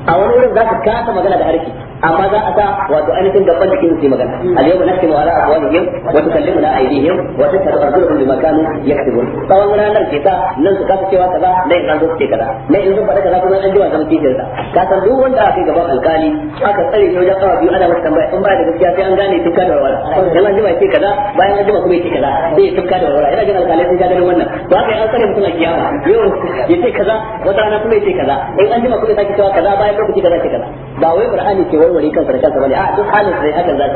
a wani wurin za su kasa magana da harki amma za a sa wato ainihin gaban jikin su magana a yau na al yawma naktimu ala afwahihim wa tukallimuna aydihim wa tashhadu arjuluhum bima kanu yaktubun tsawon ranar ke sa nan su kasa cewa kaza na in zo su ce kaza na in zo faɗa kaza kuma an jiwa zama kishir sa ka san duk wanda aka yi gaban alkali aka tsare shi wajen awa biyu ana masa tambaya in ba da gaskiya sai an gane tun da warwara dan an jima ce kaza bayan an jiwa kuma ya ce kaza sai ya tun da warwara yana jin alkali sun ga ganin wannan to haka an tsare mutum a kiyama yau ya ce kaza wata rana kuma ya ce kaza in an jiwa kuma ya sake cewa kaza bayan lokaci kaza ce kaza ba wai qur'ani ke wai warware kansa da kansa bane a duk halin sai hakan za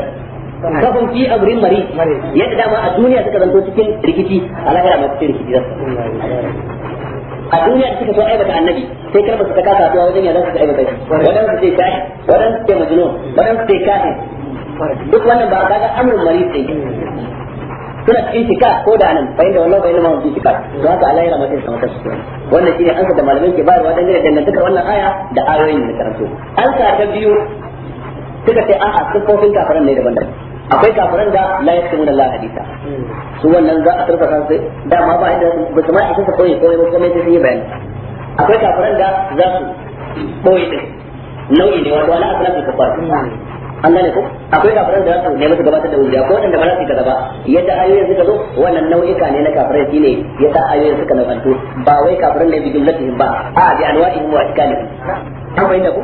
ka kafin fi amrin mari yadda dama a duniya suka zanto cikin rikici a lahira masu cikin rikici a duniya suka so aibata annabi sai karba su ta kasa a wajen ya zasu aibata shi su sai kashi su sai majnun su sai kafi duk wannan ba kaga amrin mari sai suna cikin shika ko da nan bayan da wallahi bayan da mun shika don haka Allah ya rahmata shi kamar su wannan shine an sa da malamin ke bayarwa dangane da dangantakar wannan aya da ayoyin da karanto an sa ta biyu suka ce a'a siffofin kafiran ne daban-daban akwai kafiran da la yaktumuna Allah hadisa su wannan za a tarfasa su dama ba inda ba su ma a kusa koyi koyi ba mai sai bayani akwai kafiran da za su koyi din nau'i ne wato ala asrafil kafar Allah ne ko akwai kafiran da za su nemi su gabatar da wuya ko wanda ba za su ka kaza ba yadda ayoyin suka zo wannan nau'ika ne na yadda shine yasa ayoyin suka nabanto ba wai kafiran da bi jumlatihim ba a bi anwa'ihim wa askalihim an fahimta ko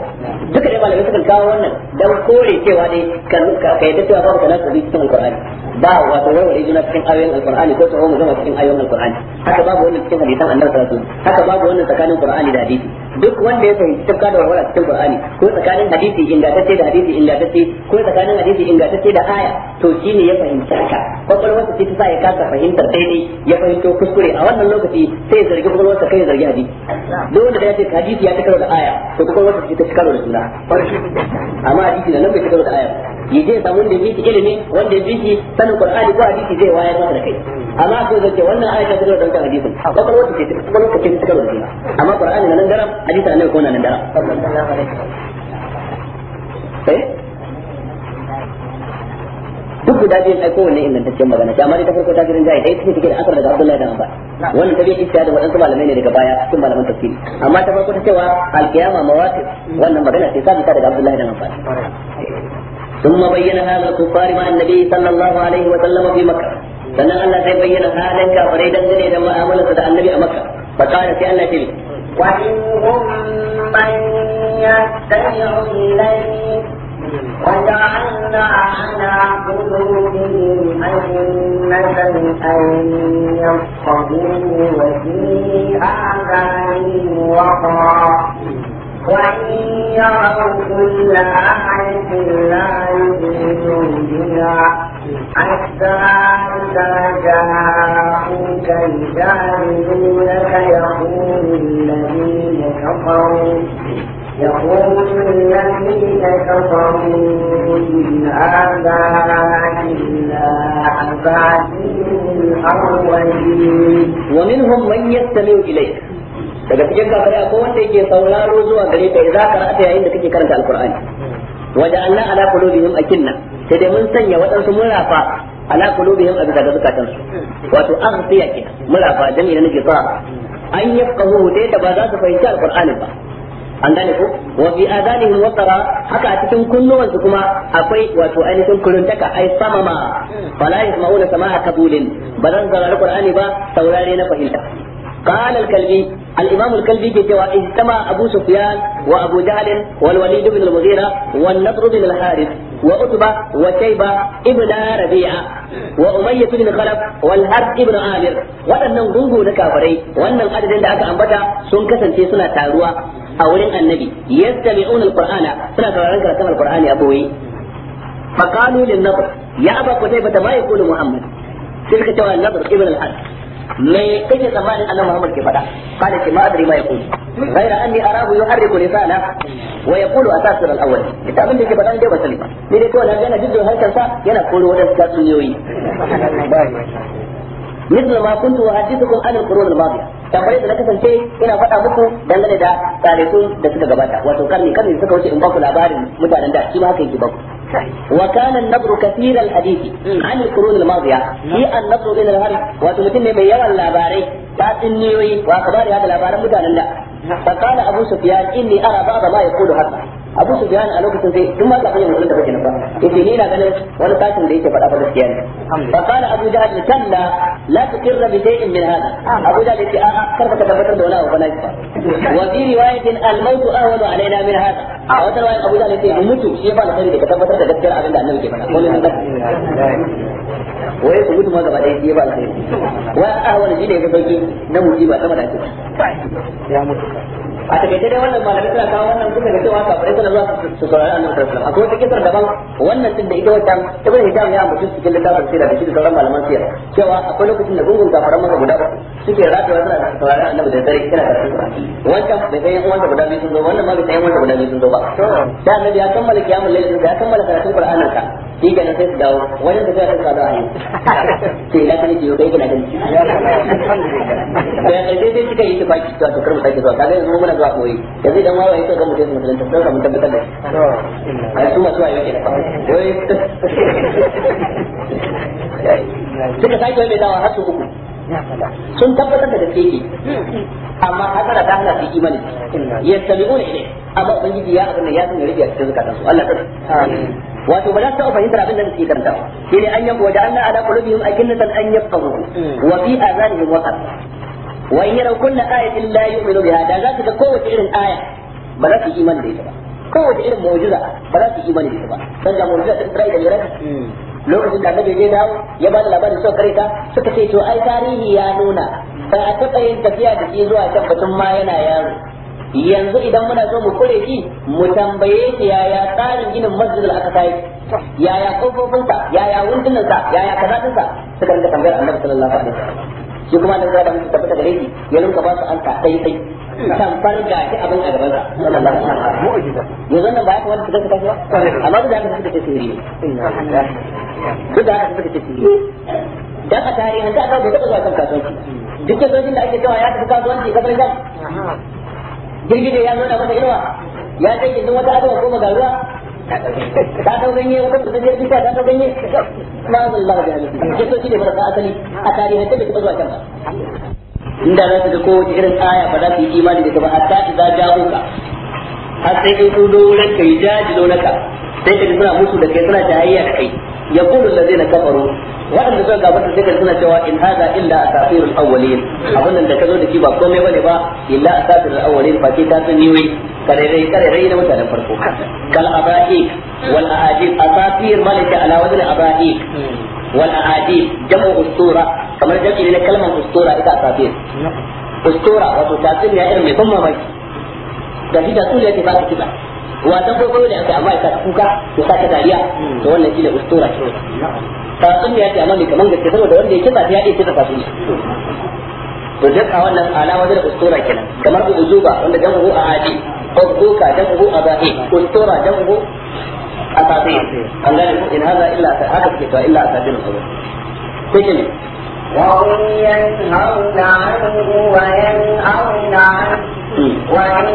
duka dai malamai sukan kawo wannan dan kore cewa dai kan ka yadda cewa babu kana tsari cikin alqur'ani ba wato warware juna cikin ayoyin alqur'ani ko tawo mu zama cikin ayoyin alqur'ani haka babu wannan cikin hadisan annabi sallallahu alaihi wasallam haka babu wannan tsakanin qur'ani da hadisi duk wanda ya fahimci tafka da walwala cikin Qur'ani ko tsakanin hadisi ingantacce da hadisi ingantacce ko tsakanin hadisi ingantacce da aya to shine ya fahimci haka kwakwalwarsa ce ta sa ya kasa fahimtar ne ya fahimto kuskure a wannan lokaci sai ya zargi kwakwalwarsa kai ya zargi hadisi duk wanda ya ce hadisi ya ta karo da aya to kwakwalwarsa ce ta karo da suna amma hadisi na nan bai ta karo da aya ya je samu wanda ya ilimi wanda ya bi sanin qur'ani ko hadisi zai wayar da kai amma sai zai ce wannan ayata ta da wannan hadisi ba kuma wata ce ta kuma kace ta karo amma qur'ani nan daram hadisi nan ko nan daram eh duk guda biyun ai kowanne ingantaccen magana ce amma dai ta farko ta girin jayi dai take take da asar daga Abdullahi da Abbas wannan ta bi isha da wadansu malamai ne daga baya cikin malaman tafsiri amma ta farko ta cewa al alkiyama mawaqif wannan magana ce sabita daga Abdullahi da Abbas ثم بين هذا الكفار مع النبي صلى الله عليه وسلم في مكه sannan الله سي بين halin kafirai dangane da mu'amalarsa da النبي a فقال في الله sai Allah ce ومنهم من يستمع إليك وجعلنا على قلوبهم أئمة أن يفقهوه وفي آذانهم وقرا وإن يروا كل آية لا يؤمنوا بها حتى إذا جاءوك يجادلونك يقول الذين كفروا يقول الذين كفروا إن هذا إلا أباطيل الأولين ومنهم من يستمع إليك daga cikin kafare akwai wanda yake sauraro zuwa gare ka ka qara'ata yayin da kake karanta alqur'ani anna ala qulubihim akinna sai dai mun sanya waɗansu murafa ala qulubihim a da suka zukatan su wato aghfiya ke murafa dan yana nake sa an yafqahu dai da ba za su fahimci alqur'ani ba an gane ko wa bi adanihim wasara haka a cikin kunnuwan su kuma akwai wato ainihin kuruntaka ai samama fala yasma'una sama'a kabulin ba zan saurari qur'ani ba saurare na fahimta قال الكلبي الإمام الكلبي كتوى اجتمع أبو سفيان وأبو جهل والوليد بن المغيرة والنضر بن الحارث وعتبة وشيبة ابن ربيعة وأمية بن خلف والهرب ابن عامر waɗannan gungu na kafirai wannan adadin da aka ambata sun kasance suna taruwa a wurin annabi yastami'una alqur'ana suna sauraron karatun alqur'ani a boye faqalu lin-nadr ya aba qutayba ma yaqulu muhammad ibn al me kake tsammanin annabi Muhammad ke faɗa qala ma adri ma yaqulu ghayra anni arahu yuharriku lisana wa yaqulu asasir al-awwal kitabin da ke faɗa dai ba sani ba ni dai kawai yana jiddo hankalinsa yana koro wadansu tatsuniyoyi مثل ما كنت أحدثكم عن القرون الماضية tambaye da kasance ina faɗa muku dangane da tarihun da suka gabata wato karni karni suka wuce in ku labarin mutanen da shi ma haka yake baku وكان النبر كثير الحديث عن القرون الماضية في النبر بين الهرم وتمتن بيوى اللاباري فاتنيوي وأخبار هذا اللاباري متانا فقال أبو سفيان إني أرى بعض ما يقول هذا abu su biyan a lokacin sai duk ma kafin mutum da bakin ba yace ni na ganin wani tashin da yake faɗa fa gaskiya ne fa qala abu jahl kalla la tuqirra bi shay'in min hada abu jahl yace a kar ka tabbatar da wani abu na ba wa fi riwayatin al mautu ahwanu alaina min hada a wata riwaya abu jahl yace mu mutu shi ba da sani da ka tabbatar da gaskiyar abin da annabi ke faɗa wani hada waye ku mutu ma gaba da shi ba da sani wa ahwanu shi ne ga sauki na musiba sama da ake ya mutu a takaice dai wannan malamai suna kawo wannan kuma ga cewa kafirai suna zuwa su saurari annabi sallallahu alaihi wasallam akwai wata kisar daban wannan din da ita wata ibn hijam ya ambaci cikin littafin sirra da shi da sauran malaman sirra cewa akwai lokacin da gungun kafiran maka guda uku suke ratawa suna saurari annabi da dare suna da wancan bai san yan uwansa guda biyu sun zo wannan ma bai san yan uwansa guda biyu sun zo ba da annabi ya kammala kiyamul lailin ya kammala karatun qur'anin ka shi ga nan sai su dawo wajen tafiya sai su dawo a yau ke ina kake yau kai ina kake da ya karshe sai kika yi tafaki to kar mu sake zuwa kaga yanzu muna zuwa koyi yanzu idan wawa yake ga mutum mutum ta sauka mun tabbatar da shi a su masu wayo kenan suka sake wai mai dawa har su uku sun tabbatar da gaske ne amma hasara ta hana su imani ya tabi'una ne amma ubangiji ya abin da ya sanya rabiya cikin su Allah ta wato ba za su taɓa fahimtar abin da suke karantawa shi ne an yabo da an na ala qulubihim akinnatan an yafqahu mm. wa fi azanihim waqar wa in yaraw kullu ayatin la yu'minu biha da za su ga kowace irin aya ba za su yi imani da ita ba kowace irin mu'jiza ba za su yi imani da ita ba dan ga mu'jiza ta Isra'ila ne raka hmm. lokacin da annabi ya dawo ya ba da labarin suka karita suka ce to ai tarihi ya nuna ba a taɓa yin tafiya da shi zuwa tabbatun ma yana yaro yanzu idan muna so mu kure shi mu tambaye shi yaya tsarin ginin masjid al-aqsa yaya kofofinsa yaya wundunansa yaya kazatinsa suka rinka tambayar annabi sallallahu alaihi wasallam shi kuma da annabi da mutum tabbata gare shi ya rinka ba su an ta sai sai tamfar ga shi abin a gaban sa yanzu zanna ba ya kamata su zaka ba amma duk da haka suka ce sihiri ne duk da haka suka ce da dan tare an da aka ga zuwa kan kasuwanci duk kasuwancin da ake cewa ya tafi kasuwanci kasar jan girgije ya zo da masa inuwa ya je gindin wata adawa ko magaruwa Da dau ganye ko da zai ta ka ganye ma Allah da alimi ke ta kike barka asali a tarihi ta kike zuwa kan inda za su ga kowace irin aya ba za su yi imani da ta ba hatta idza ja'uka har ta in ta zo ta kai sai ka ji suna musu da kai suna ta da kai yaqulu alladhina kafaru waɗanda suka gabata sai kan suna cewa in hada illa asafirul awwalin abin da ka zo da shi ba komai bane ba illa asafirul awwalin fa ke ta ni wai karerai karerai na mutanen farko kal abaik wal aadib asafir malaka ala wajhi abaik wal aadib jam'u ustura kamar jam'i ne kalmar ustura ita asafir ustura wato tasiri ya irin mai wasan kwaikwayo da aka amma ita kuka ya sa ta dariya to wannan shi ne ustura ce sun ya ce amma mai kaman gaske saboda wanda ya kisa ta yaɗe kisa tsatsun ne to duk a wannan ala wajen ustura kenan kamar zuba wanda dan ubu a ko uzuka dan ubu a zahi ustura dan ubu a tsatsun an gane ko in haza illa ta haka ke to illa a tsatsun ko sai ne وهم ينهون عنه وينأون عنه hmm. وإن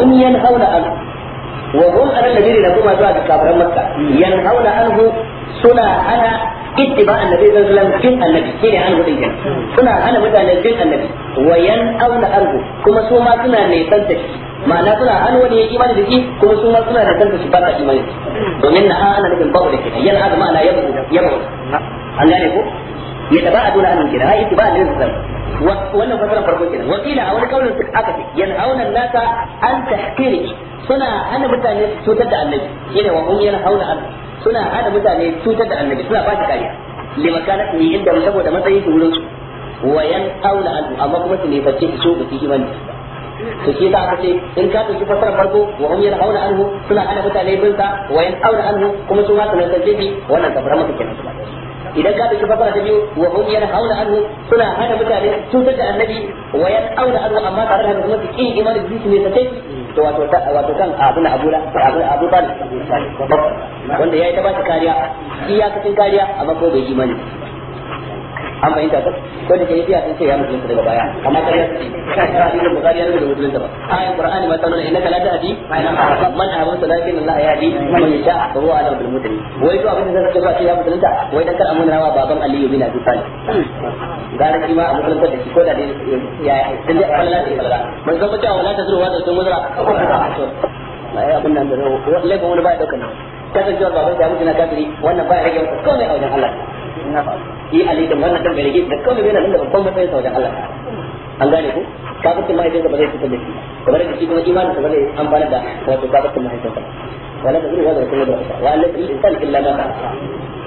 hum yanhauna an wa hum anan da na kuma zuwa ga kafiran makka yanhauna anhu suna hana ittiba'an nabi sallallahu alaihi wasallam annabi shine anhu din suna hana mutane bin annabi wa yanhauna anhu kuma su suna ne tsanta ma'ana suna an wani ya imani kuma su suna da tsanta shi ba ta imani domin na ana nufin da ko يتباعدون عن الكلام هاي اتباع النبي صلى wannan fasaran farko kenan wakila a wani kaulin su aka ce yanhauna nasa an tahkiri suna hana mutane cutar da annabi shine wa hum yanhauna an suna hana mutane cutar da annabi suna ba shi kariya limakanati inda saboda matsayin su wurin su wa yanhauna amma kuma su to shi aka ce in ka dauki fasarar farko wa hum auna anhu suna hana mutane bin sa wa auna anhu kuma su ma su nan sai wannan kafara maka kenan su ba idan ka dauki fasara ta biyu wa hum yanhauna anhu suna hana mutane cutar da annabi wa yanhauna anhu amma tare da kuma kin imani bisu ne sai to wato wato kan abuna abula abuna abuban wanda yayi ta ba ta kariya iyakacin kariya amma ko bai imani an fahimta ba ko da kai sun ce ya musulunta daga baya amma ce ka ji da ya musulunta ba ayan qur'ani ma innaka la tahdi man Allah man yasha huwa wai to abin da zaka ce ya musulunta wai dan kar baban bin abi talib gara shi ma a musulunta da shi ko da ya da man zama ta wala ta zuwa da zuwa ai abin nan da kasancewar baban na kafiri wannan rage komai a wajen Allah shi alikin wannan dan bai rage da kawai yana nan da babban matsayin sa wajen Allah an gane ku kafircin mahaifinsa ba zai fitar da shi kamar da shi kuma imanin sa ba zai amfana da wato kafircin mahaifinsa wala da zuri wala da kullu da wa la bil insan illa ma ka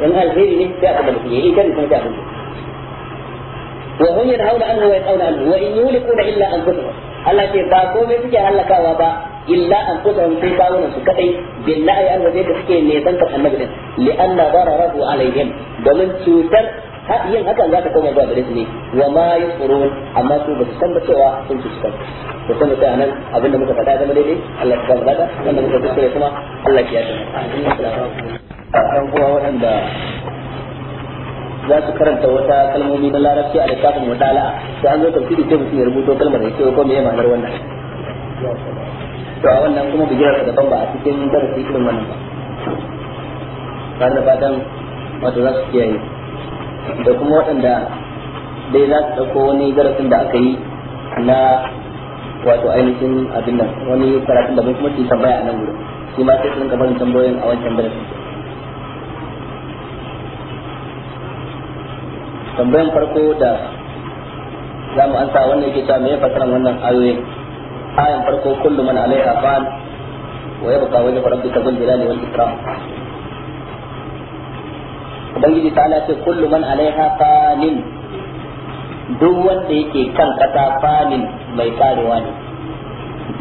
in alheri ne sai aka da shi yayi kan sai aka wa hum yanhauna anhu wa yaqawna anhu wa in yulikuna illa anfusahum Allah ce ba komai suke halakawa ba illa an kusa sai kawunan su kadai billahi an waje da suke ne san ka annabi din li anna dararahu alaihim domin cutar yin hakan za ta koma zuwa gare su ne wa ma yusrun amma su ba su san ba cewa sun ci cikin to san da nan abinda muka faɗa zama daidai Allah ya kawo lada wanda muka kuskure kuma Allah ya yi an kuma waɗanda za su karanta wata kalmomi na larabci a littafin mutala sai an zo tafsiri sai mutum ya rubuto kalmar da yake ko me har wannan to a wannan kuma bijirar da daban ba a cikin darasi irin wannan ba tare da fatan wato za su kiyaye da kuma waɗanda dai za su ɗauko wani darasin da aka yi na wato ainihin abin nan wani karatun da bai kuma cikin tambaya a nan wurin shi ma sai sun kafa tambayoyin a wancan darasin tambayan farko da za mu ansa wannan yake cewa me ya fasaran wannan ayoyin ayan farko kullu man alaiha fa'al wa yabqa wajhu rabbika dhul jalali wal ikram ubangiji ta ala ce kullu man alaiha fanin duk wanda yake kan kasa fanin mai karewa ne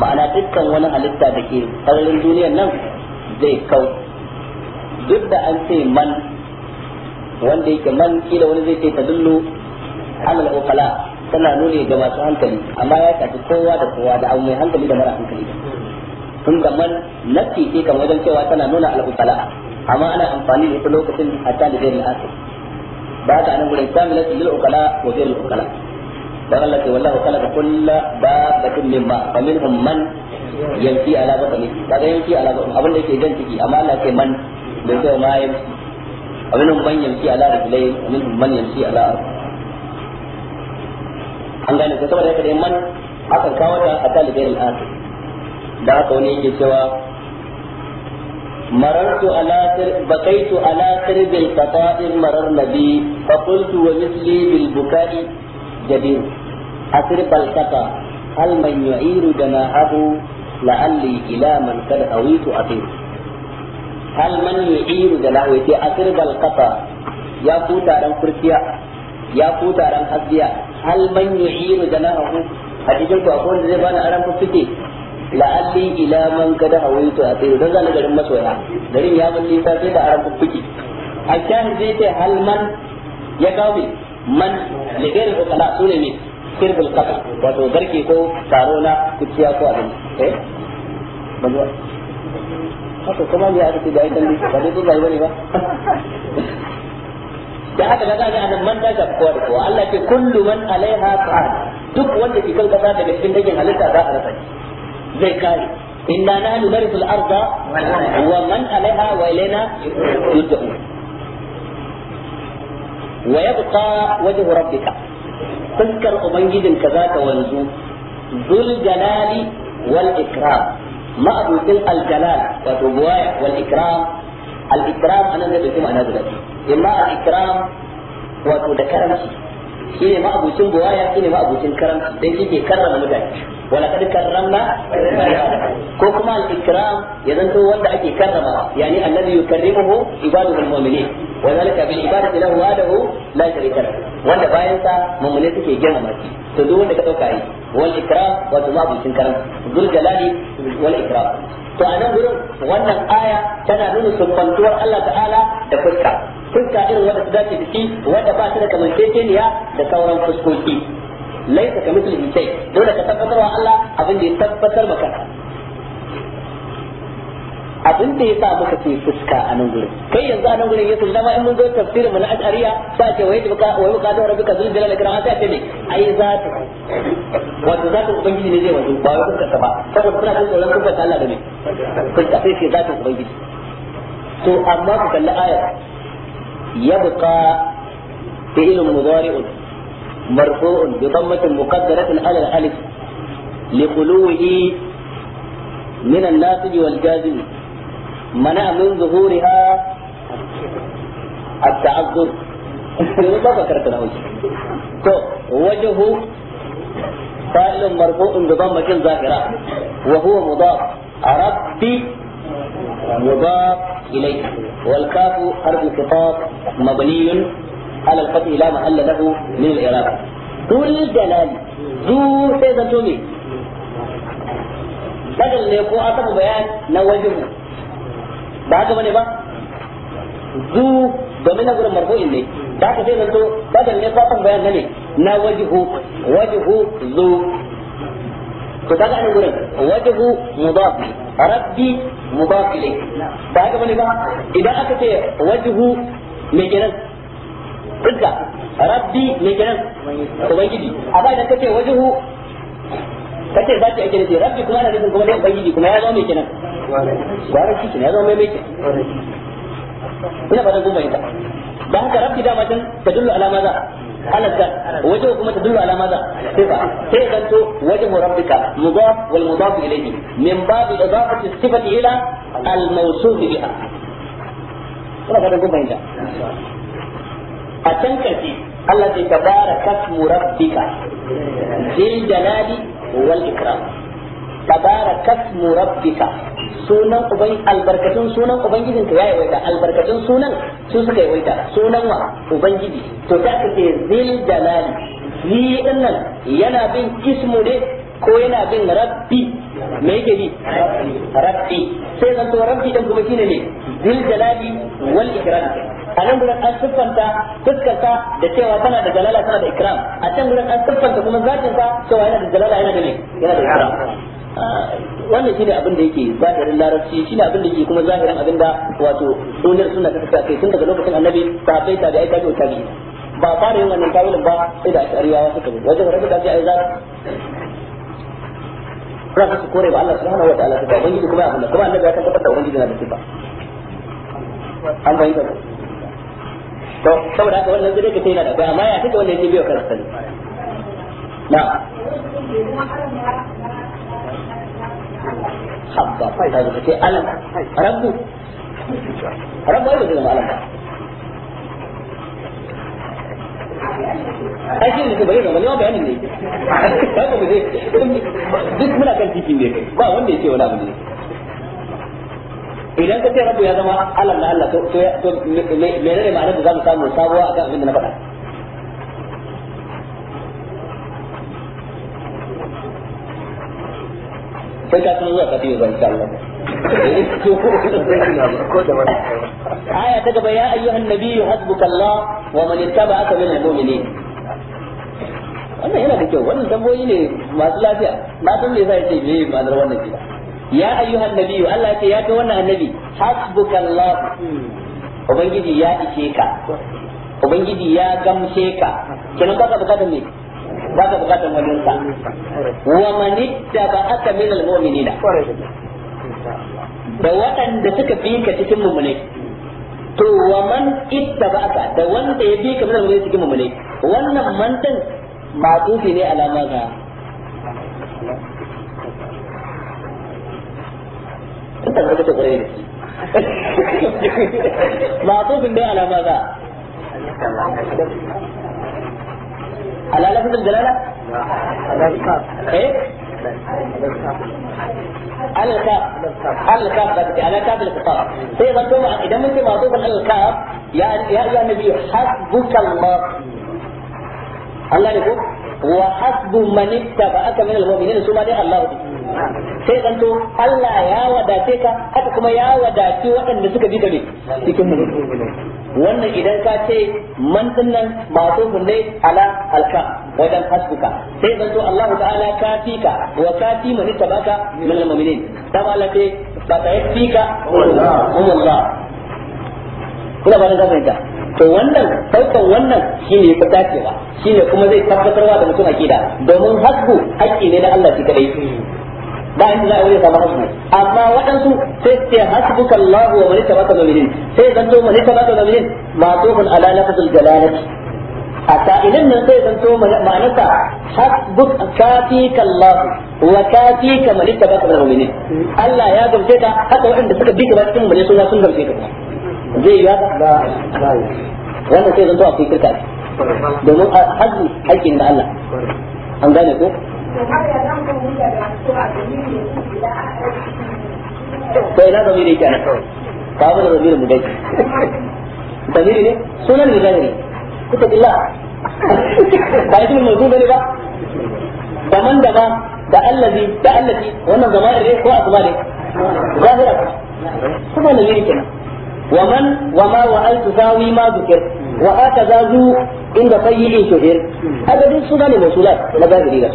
ma'ana dukkan wani halitta da ke sararin duniya nan zai kau duk da an ce man wanda yake man kila wani zai ce ta dullu amal ukala tana nuni ga masu hankali amma ya tafi kowa da kowa da abu mai hankali da mara hankali tun da man nafi ce kamar wajen cewa tana nuna al amma ana amfani da ita lokacin hatta da zai al'asir ba ta anan gurin kamilat lil uqala wa ghayr al uqala dan Allah ce wallahu khalaqa kulla babatin min ba fa minhum man yanki ala ba ga yanki ala batni abin da yake gan ciki amma Allah ke man da zai ma yi abin man yanki ala rajulai minhum man yanki ala an gane ko saboda haka dai man akan kawo ta a talibai al'asir da haka wani yake cewa مررت على بقيت على قرب القطاء مررنا بي فقلت ومثلي بالبكاء جدير أقرب القطاء هل من يعير جناحه لعلي إلى من قد أويت أطير هل من يعير جناحه أقرب القطاء يا فوتا رم فرسيا يا فوتا رم حسيا هل من يعير جناحه a cikin ku akwai wanda zai bani la alli ila man kada hawaitu a tsaye don zana garin masoya garin ya mun nisa sai da a aran kuki a shahid zai ce hal man ya kawo mai man da gairin ukala su ne mai kirkul kaka wato garke ko taro na kuciya ko abin eh banzuwa haka kuma ne aka ce da aikin ne ba zai zai bane ba da haka ga gane anan man ta kowa da kowa Allah ce kullu man alaiha fa'al duk wanda ke kan kasa daga cikin dangin halitta za a rasa shi زي ذكاري إنا نحن نرث الأرض ومن عليها وإلينا يرجعون ويبقى وجه ربك تذكر أبنجد كذاك ونزو ذو الجلال والإكرام ما أبو تل الجلال والربواية والإكرام الإكرام أنا نجد ثم أنا ذلك إما الإكرام وتذكرنا شيء ما أبو تل بواية إما أبو تل كرم بيجي كرم المجاج wala kad karramna ko kuma al ikram ya zanto wanda ake karrama yani annabi yukarrimuhu ibaduhu al mu'minin wa zalika bil ibadati lahu wahdahu la sharika lahu wanda bayan sa mu'mini suke girmama shi to duk wanda ka dauka yi wal ikram wa tumabucin karam zul jalali wal ikram to a nan gurin wannan aya tana nuna sumbantuwar Allah ta'ala da fuska fuska irin wanda su dace da shi wanda ba su da kamanceceniya da sauran fuskoki laisa ka mutu shay dole ka tabbatar wa Allah abin da ya tabbatar maka abin da ya sa muka ce fuska a nan gurin kai yanzu a nan gurin yake dama in mun zo tafsirin mu na ashariya sa ce wai baka wai baka da rabbika zul jalal ikram sai ce ne ai zatu wato zatu ubangiji ne zai wato ba wai fuska ba saboda kuna jin tsoron kuka Allah da ne kuka sai ce zatu ubangiji to amma ku kalli ayar yabqa fi'lun mudari'un مرفوع بضمة مقدرة على الألف لخلوه من الناصب والجازم منع من ظهورها التعذر ما فكرت له وجه فاعل مرفوع بضمة ظاهرة وهو مضاف ربي مضاف إليه والكاف حرف خطاب مبني على الفتح لا محل له من الإرادة ذو الجلال ذو سيدة تومي بدل ne ko aka bayan na wajen ba haka ba zu domin na gurin marfu'in ne da aka sai zanto ne ko aka bayan ne na wajhu wajhu zu to kaga anan gurin wajhu mudaf rabbi mudaf ilayk ba ba idan aka ce wajhu rabbi mai kenan ubangiji amma idan kace wajhu kace zaki ake nufi rabbi kuma na nufin kuma ne ubangiji kuma ya zama mai kenan gwara shi kenan ya zama mai kenan ina fatan kun bayyana da haka rabbi dama tun tadullu ala maza على الذات وجهه كما تدل على ماذا؟ صفة صفة وجه ربك مضاف والمضاف إليه من باب إضافة الصفة إلى الموصوف بها. هذا a can أتنكتي Allah sai ka bara kasmu rabbika zil jalali wal ikram tabara kasmu rabbika sunan albarkatun sunan ubangijin ka yayi waita albarkatun sunan su suka yi sunan wa ubangiji to ta kace zil jalali ni yana bin ismu ko yana bin rabbi me yake bi rabbi sai zan to rabbi a nan gurin an siffanta fuskarsa da cewa tana da jalala tana da ikram a can gurin an siffanta kuma zatin sa cewa yana da jalala yana da ne yana da ikram ah, wannan shine abin da yake zahirin larabci shine abin da yake kuma zahirin abin da wato sunan sunna ta tafi kai tun daga lokacin annabi sahabbai ta da aika ta tabi ba fara yin wannan tawilin ba sai da ashariyawa suka bi wajen rabu da ai za ra su kore ba Allah subhanahu wa ta'ala ta ubangiji kuma abin Allah kuma annabi ya tabbatar da ubangiji na da sifa an bayyana to saboda haka wannan zai kace yana da amma ya take yake biyo na habba fa da kace alam rabbu rabbu alam ba ne ba duk muna kan cikin ne ba wanda yake wani abu ne idan ka ce rabu ya zama alam na Allah to to me menene ma'anar da zamu samu sabuwa akan abin da na faɗa sai ka san zuwa kafin zan ta Allah aya ta gaba ya ayyuhan nabiyyu hasbuka Allah wa man ittaba'aka min al-mu'minin wannan yana da kyau wannan tamboyi ne masu lafiya na san me yasa yace me ma'anar wannan kida ya ayyuhan nabiyyu Allah ce ya ga wannan annabi hasbukallah ubangiji ya ishe ka ubangiji ya gamshe ka kenan ba ka bukatar ne ba ka bukatar wajen ta. wa ba aka min almu'minina da waɗanda suka bi ka cikin mummunai to wa man ittaba'aka da wanda ya bi ka min almu'minina cikin mummunai wannan man din matufi ne alama ga kan lokacin kwarai ne على dai ala maza ala lafazin jalala eh على الكاف على الكاف على كاف الاختصار فاذا كما اذا انت معطوف على الكاف يا يا يا نبي حسبك الله الله يقول وحسب من اتبعك من المؤمنين ثم الله بك sai to Allah ya wadace ka haka kuma ya wadace waɗanda suka bi ka cikin mu wannan idan ka ce man dinnan masu ne ala alka wajen hasbuka sai to Allah ta'ala ka wa fi man tabaka min almu'minin dama Allah ce fa tayfika Allah kuna ba da fahimta to wannan saukan wannan shine ya fita cewa shine kuma zai tabbatarwa da mutum akida domin hasbu haƙƙi ne na Allah shi kadai ba inda za a wuri samu hasbi amma waɗansu sai ce hasbuka Allah wa man tabaka min sai zanto man tabaka ma ma'tufun ala lafzul jalalati a sa'ilin nan sai zanto ma'anarsa hasbuk kafika Allah wa ka kafika ba tabaka min Allah ya gamce ka haka waɗanda suka bi ka ba cikin bane suna sun gamce ka zai yi haka ba wannan sai zanto akwai kirka domin hasbi haƙƙin da Allah an gane ko to ina zamiri yake anan ka abu da mu dai zamiri ne sunan ne zamiri kuka illa ba yi mai zuba ne ba man da ba da allazi da allazi wannan zamiri ne ko asma ne zahira kuma zamiri ma ومن وما وأن تساوي ما fayyi وهكذا ذو عند طيب شهير هذا دي السودان الموصولات لا بد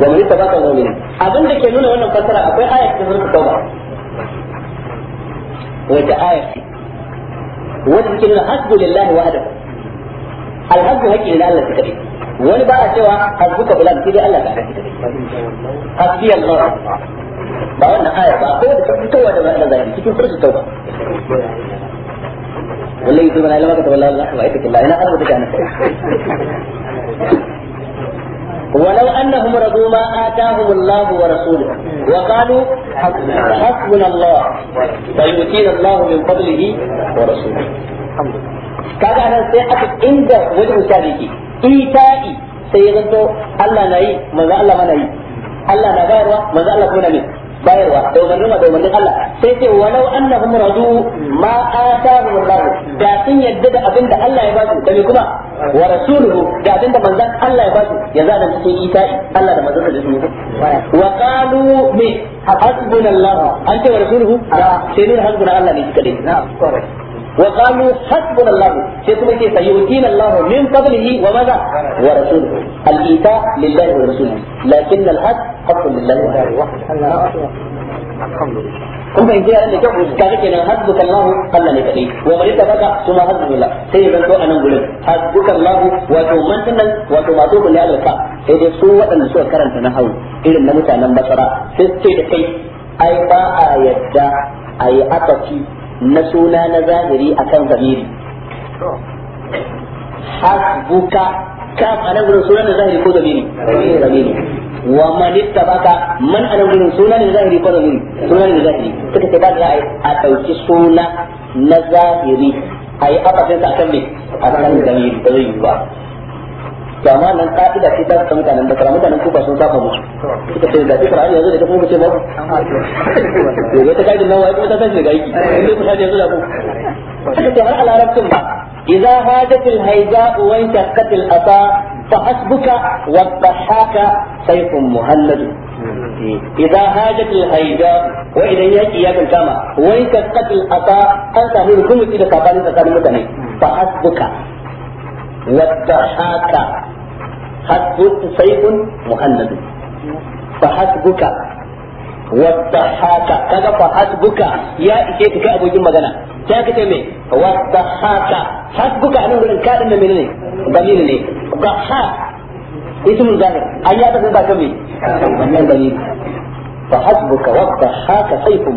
wa man tabaqa mu'mina abin da ke nuna wannan fasara akwai ayat ta surta tauba wata ayat ce wanda take nuna hasbu lillahi wahdahu alhasbu hakki lillahi Allah take wani ba a cewa hasbuka bilal sai dai Allah ka kake hasbi Allah ba wannan aya ba akwai wata fitowa da wannan zahiri cikin surta tauba wallahi dubana lamaka tawalla Allah wa ita billahi na arba take anan ولو أنهم رضوا ما آتاهم الله ورسوله وقالوا حسبنا الله سيؤتينا الله من فضله ورسوله kaga nan sai aka inda wajen misali ke ita'i sai ya zanto Allah na yi manzo Allah mana yi Allah na Allah bayarwa da umarnin ma da umarnin Allah sai ce walau annahum radu ma atahum Allah da sun yadda da abin da Allah ya ba su da kuma wa rasuluhu da abin da manzon Allah ya ba su yanzu anan cikin ita'i Allah da manzon da su wa qalu bi hasbunallahu anta wa rasuluhu sai ne hasbunallahu ne kadai na'am correct وقالوا حسبنا الله sai kuma ke sayutina Allah min qablihi wa wa rasuluhu al-ita lillahi wa rasulihi lakin al-haq haqqun lillahi wa rasulihi kun fahimci kyau kaga kenan hasbuka Allah Allah ne wa man yatabaka kuma hasbullah sai zan zo anan gurin hasbuka Allah wato man nan wato mato kulli alaka sai dai su waɗanda suka karanta na hau irin na mutanen basara sai sai da kai ai ba a yadda a yi na suna na zahiri akan zamiri hasbuka kaf a nan gudun suna na zahiri ko zamiri zamiri wa ba ka man a nan gudun suna na zahiri ko zamiri suna na zahiri suka ce ba za a yi a ɗauki suna na zahiri a yi a kan mai? A kan zamiri ba zai yi ba to amma nan ka'ida ce ta ta mutanen basra mutanen kufa sun saba musu suka ce da tsara yanzu da kuma ce ba ku to ta kaidin nan wai ta tashi daga aiki in dai ku tashi yanzu da ku suka ce har alarabtun ba idza hajatil haiza'u wa intaqatil ata fa hasbuka wa dhahaka sayfun muhallad idza hajatil haiza'u wa idan yaki ya kan kama wa intaqatil ata an samu rukuni da kafarin tsakanin mutane fa hasbuka wa dhahaka hasbuka sayfun muhannadun fa hasbuka wadahaka ya ishe ka kai abokin magana sai ka hasbuka anan gurin kadin da menene ne ga ha ismul zahir ai ya tafi ba kan hasbuka sayfun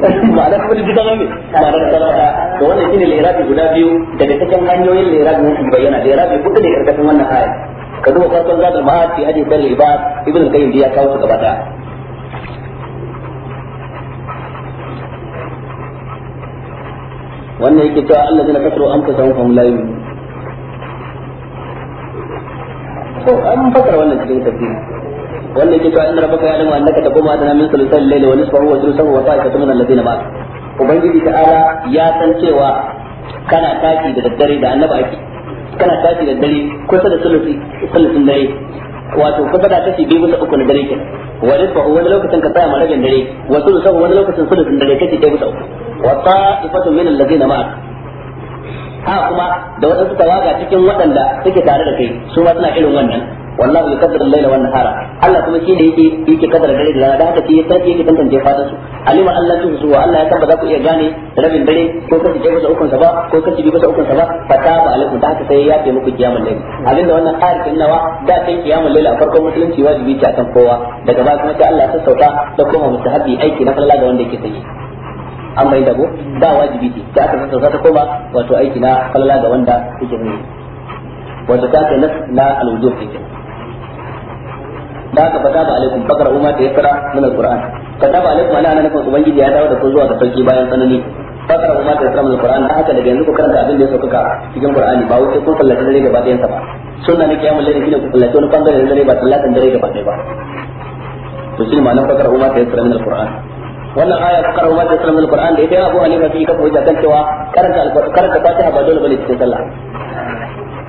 ma'ana kuma duk zama ne ma'anar sarrafa to wannan shine lirabi guda biyu daga cikin hanyoyin lirabi mun shi bayyana lirabi kudu ne karkashin wannan aya ka duba farkon zadul ma'ad fi hadith al-ibad ibn al-qayyim ya kawo su gaba daya wannan yake cewa Allah zai kasaro an kasa hukun layu ko an fasara wannan cikin tafsiri wannan ke cewa inna rabbaka ya'lamu annaka kuma tana min thuluthil layli wa nisfahu wa thuluthahu wa ta'ifatan min alladhina ma'ak ubangiji ta'ala ya san cewa kana taki da daddare da annaba ake kana taki da daddare kusa da thuluthi thuluthin dare wato kusa da kashi bi bisa uku na dare kenan wa nisfahu wani lokacin ka tsaya marabin dare wa thuluthahu wani lokacin thuluthin dare kake ɗaya bisa uku wa ta'ifatan min alladhina ma'ak ha kuma da wadansu tawaga cikin waɗanda suke tare da kai su ma suna irin wannan wallahu yaqdiru al-layla wan nahara Allah kuma shi ne yake yake kadar dare da rana da haka shi yake yake tantance fatan su alima Allah tun su wa Allah ya san ba za ku iya gane rabin dare ko kashi ɗaya bisa ukun sa ba ko kashi biyu bisa ukun sa ba fata ba alaikum da haka sai ya ce muku kiyamul layl abinda wannan ayar kin nawa da kan kiyamul layl a farkon musulunci wajibi ce akan kowa daga baya kuma sai Allah ya sassauta da kuma mustahabi aiki na Allah da wanda yake sanye an bai dago da wajibi ce da aka sassauta ta koma wato aiki na Allah ga wanda yake sanye wato ta ce na al-wujub kenan da aka fata ba alaikum fakara umma ta yasra min alquran fata ba alaikum ana nan ubangiji ya dawo da ku zuwa da sarki bayan tsanani fakara umma ta yasra min alquran da haka daga yanzu ku karanta abin da ya sauka cikin qur'ani ba wuce kun fallace dare gaba ɗayan sa ba sunna ne kiyamul layli shine ku fallace wani bangare dare ba sallatan dare gaba ɗaya ba to shi ma ma'anar fakara umma ta yasra min alquran wannan aya ta karo mata sallallahu min alquran da idan Abu Hanifa fi kafa wajen kan cewa karanta alquran karanta Fatiha ba dole bane cikin sallah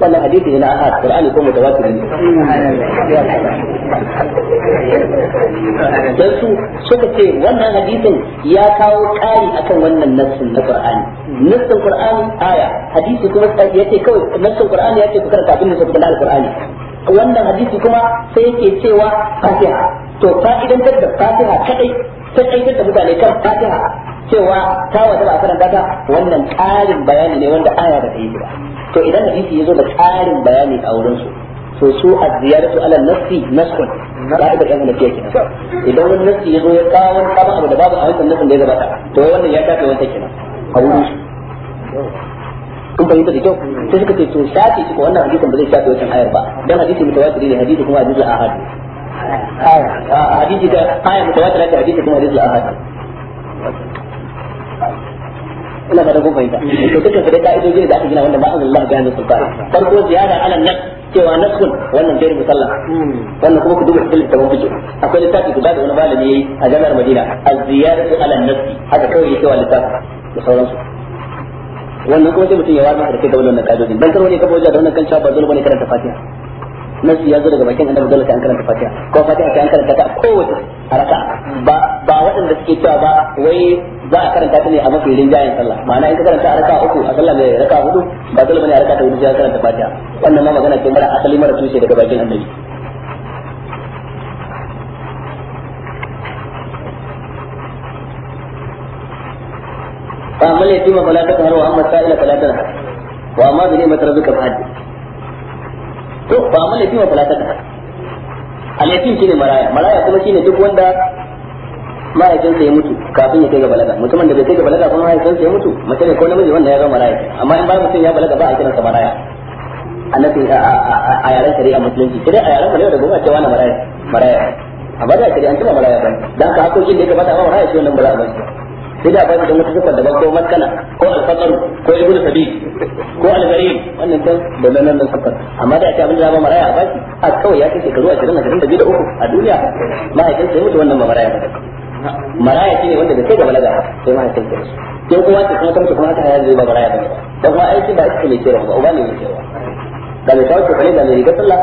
wannan hadisi na a Qur'ani ko mutawatir ne dan su suka ce wannan hadisin ya kawo ƙari akan wannan nassin na Qur'ani nassin Qur'ani aya hadisi kuma yace kawai nassin Qur'ani yace ku karanta abin da suka faɗa qurani wannan hadisi kuma sai yake cewa Fatiha to fa'idantar da Fatiha kadai sai aikin da mutane kan Fatiha cewa ta wata ba karanta ta wannan ƙarin bayani ne wanda aya da ta yi ba to idan hadisi ya zo da ƙarin bayani a wurin su to su a ziyaratu ala nafsi naskun ka'idar yan hanafiya kenan idan wani nafsi ya zo ya kawo wani abu da babu a wancan nafsin da ya gabata to wannan ya tafi wancan kenan a wurin su kun fahimta da kyau sai suka ce to shafi shi ko wannan hadisin ba zai shafi wancan ayar ba dan hadisi mutawatir ne hadisi kuma hadisi ahad hadisi da aya mutawatir ne hadisi kuma hadisi ahad ina ba da kun fahimta to dukkan su dai da aka gina wanda ba Allah ga yanzu sultana farko ziyara ala nas cewa naskun wannan gairu musalla wannan kuma ku duba cikin littafin fiqh akwai littafi da wani malami a jami'ar Madina da wannan kuma sai mutum ya da wannan kajojin ka da wannan kan dole bane karanta fatiha nasu ya zo daga bakin annabi dole sai an karanta fatiha ko fatiha sai an karanta ta kowace a ba ba waɗanda suke cewa ba wai za a karanta ta ne a mafi rinjayen sallah ma'ana in ka karanta a raka uku a sallah mai raka hudu ba dole bane a raka ta hudu sai karanta fatiha wannan ma magana ce mara asali mara tushe daga bakin annabi فأما اليتيم فلا تقهر وأما السائل فلا تنهر وأما بنعمة ربك فحدث to ba amma yatima fala ta ta al yatim shine maraya maraya kuma shine duk wanda mahaifinsa ya mutu kafin ya kai ga balaga mutumin da bai kai ga balaga kuma mahaifinsa ya mutu mace ne ko namiji wanda ya zama maraya amma in ba mutum ya balaga ba a kiran sa maraya annabi a yaren shari'a musulunci sai dai a yaran maraya da goma cewa na maraya maraya a ba da shari'a an tuba maraya ba dan ka hakokin da ya gabata ba maraya shi wannan ba za shi sai da bayan da mutum sifar daban ko maskana ko al alfaqar ko ibn sabi ko al algarim wannan dan da nan nan sakar amma da ake abin da ba maraya a shi a kawai ya kai shekaru 20 23 a duniya mahaifinsa sai mutu wannan maraya ba maraya shine wanda bai kai da balaga sai ma hankali kai ke kuma ki kuma kamshi kuma haka haya zai ba maraya ba dan kuma aiki ba aiki ne ke ba uba ne ke da mai tawakkal kare da mai riga sallah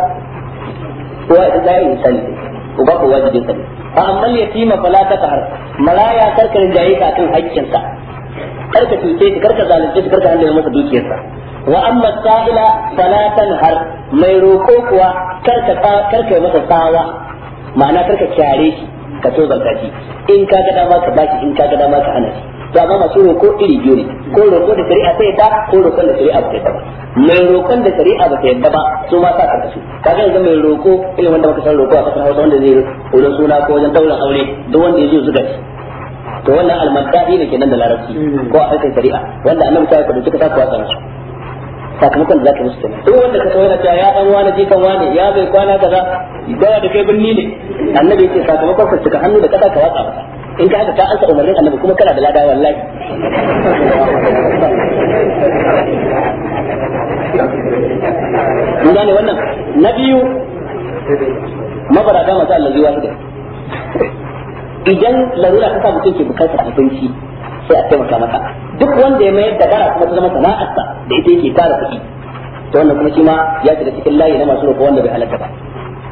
kowa idan da yin sani uba ko wajibin sani fa amma yatima fala taqhar maraya karkar jayi ka kan haƙƙinsa karka tuce shi karka zalunce shi karka handle masa dukiyarsa wa amma sa'ila fala tanhar mai roko kuwa karka karka masa tsawa ma'ana karka kyare shi ka to zanta shi in ka ga dama ka baki in ka ga dama ka hana shi to amma masu roko iri biyu ne ko roko da shari'a sai ta ko roko da shari'a ba ta yadda ba mai roƙon da shari'a ba ta yadda ba su ma sa ka kasu ga yanzu mai roko irin wanda muka san roko a kasar Hausa wanda zai wurin suna ko wajen daurin aure duk wanda ya zo zuga to wannan almadadi ne kenan da larabci ko a aikin shari'a wanda annabi ta yi ka dauki ka sa ku watsa sakamakon da zaka musu kenan duk wanda ka tawaya ta ya dan wani jikan wani ya bai kwana kaza dawa da kai binni ne annabi yake sakamakon ka cika hannu da kasa ka watsa masa in ka haka ta ansa umarnin annabi kuma kana da lada wallahi mun gane wannan na biyu mabarata masu allazi wahida idan larura ta sa mutum ke bukatar abinci sai a taimaka maka duk wanda ya mayar da bara kuma ta zama sana'arsa da ita yake tara kuɗi to wannan kuma shi ma ya shiga cikin layi na masu roƙo wanda bai halatta ba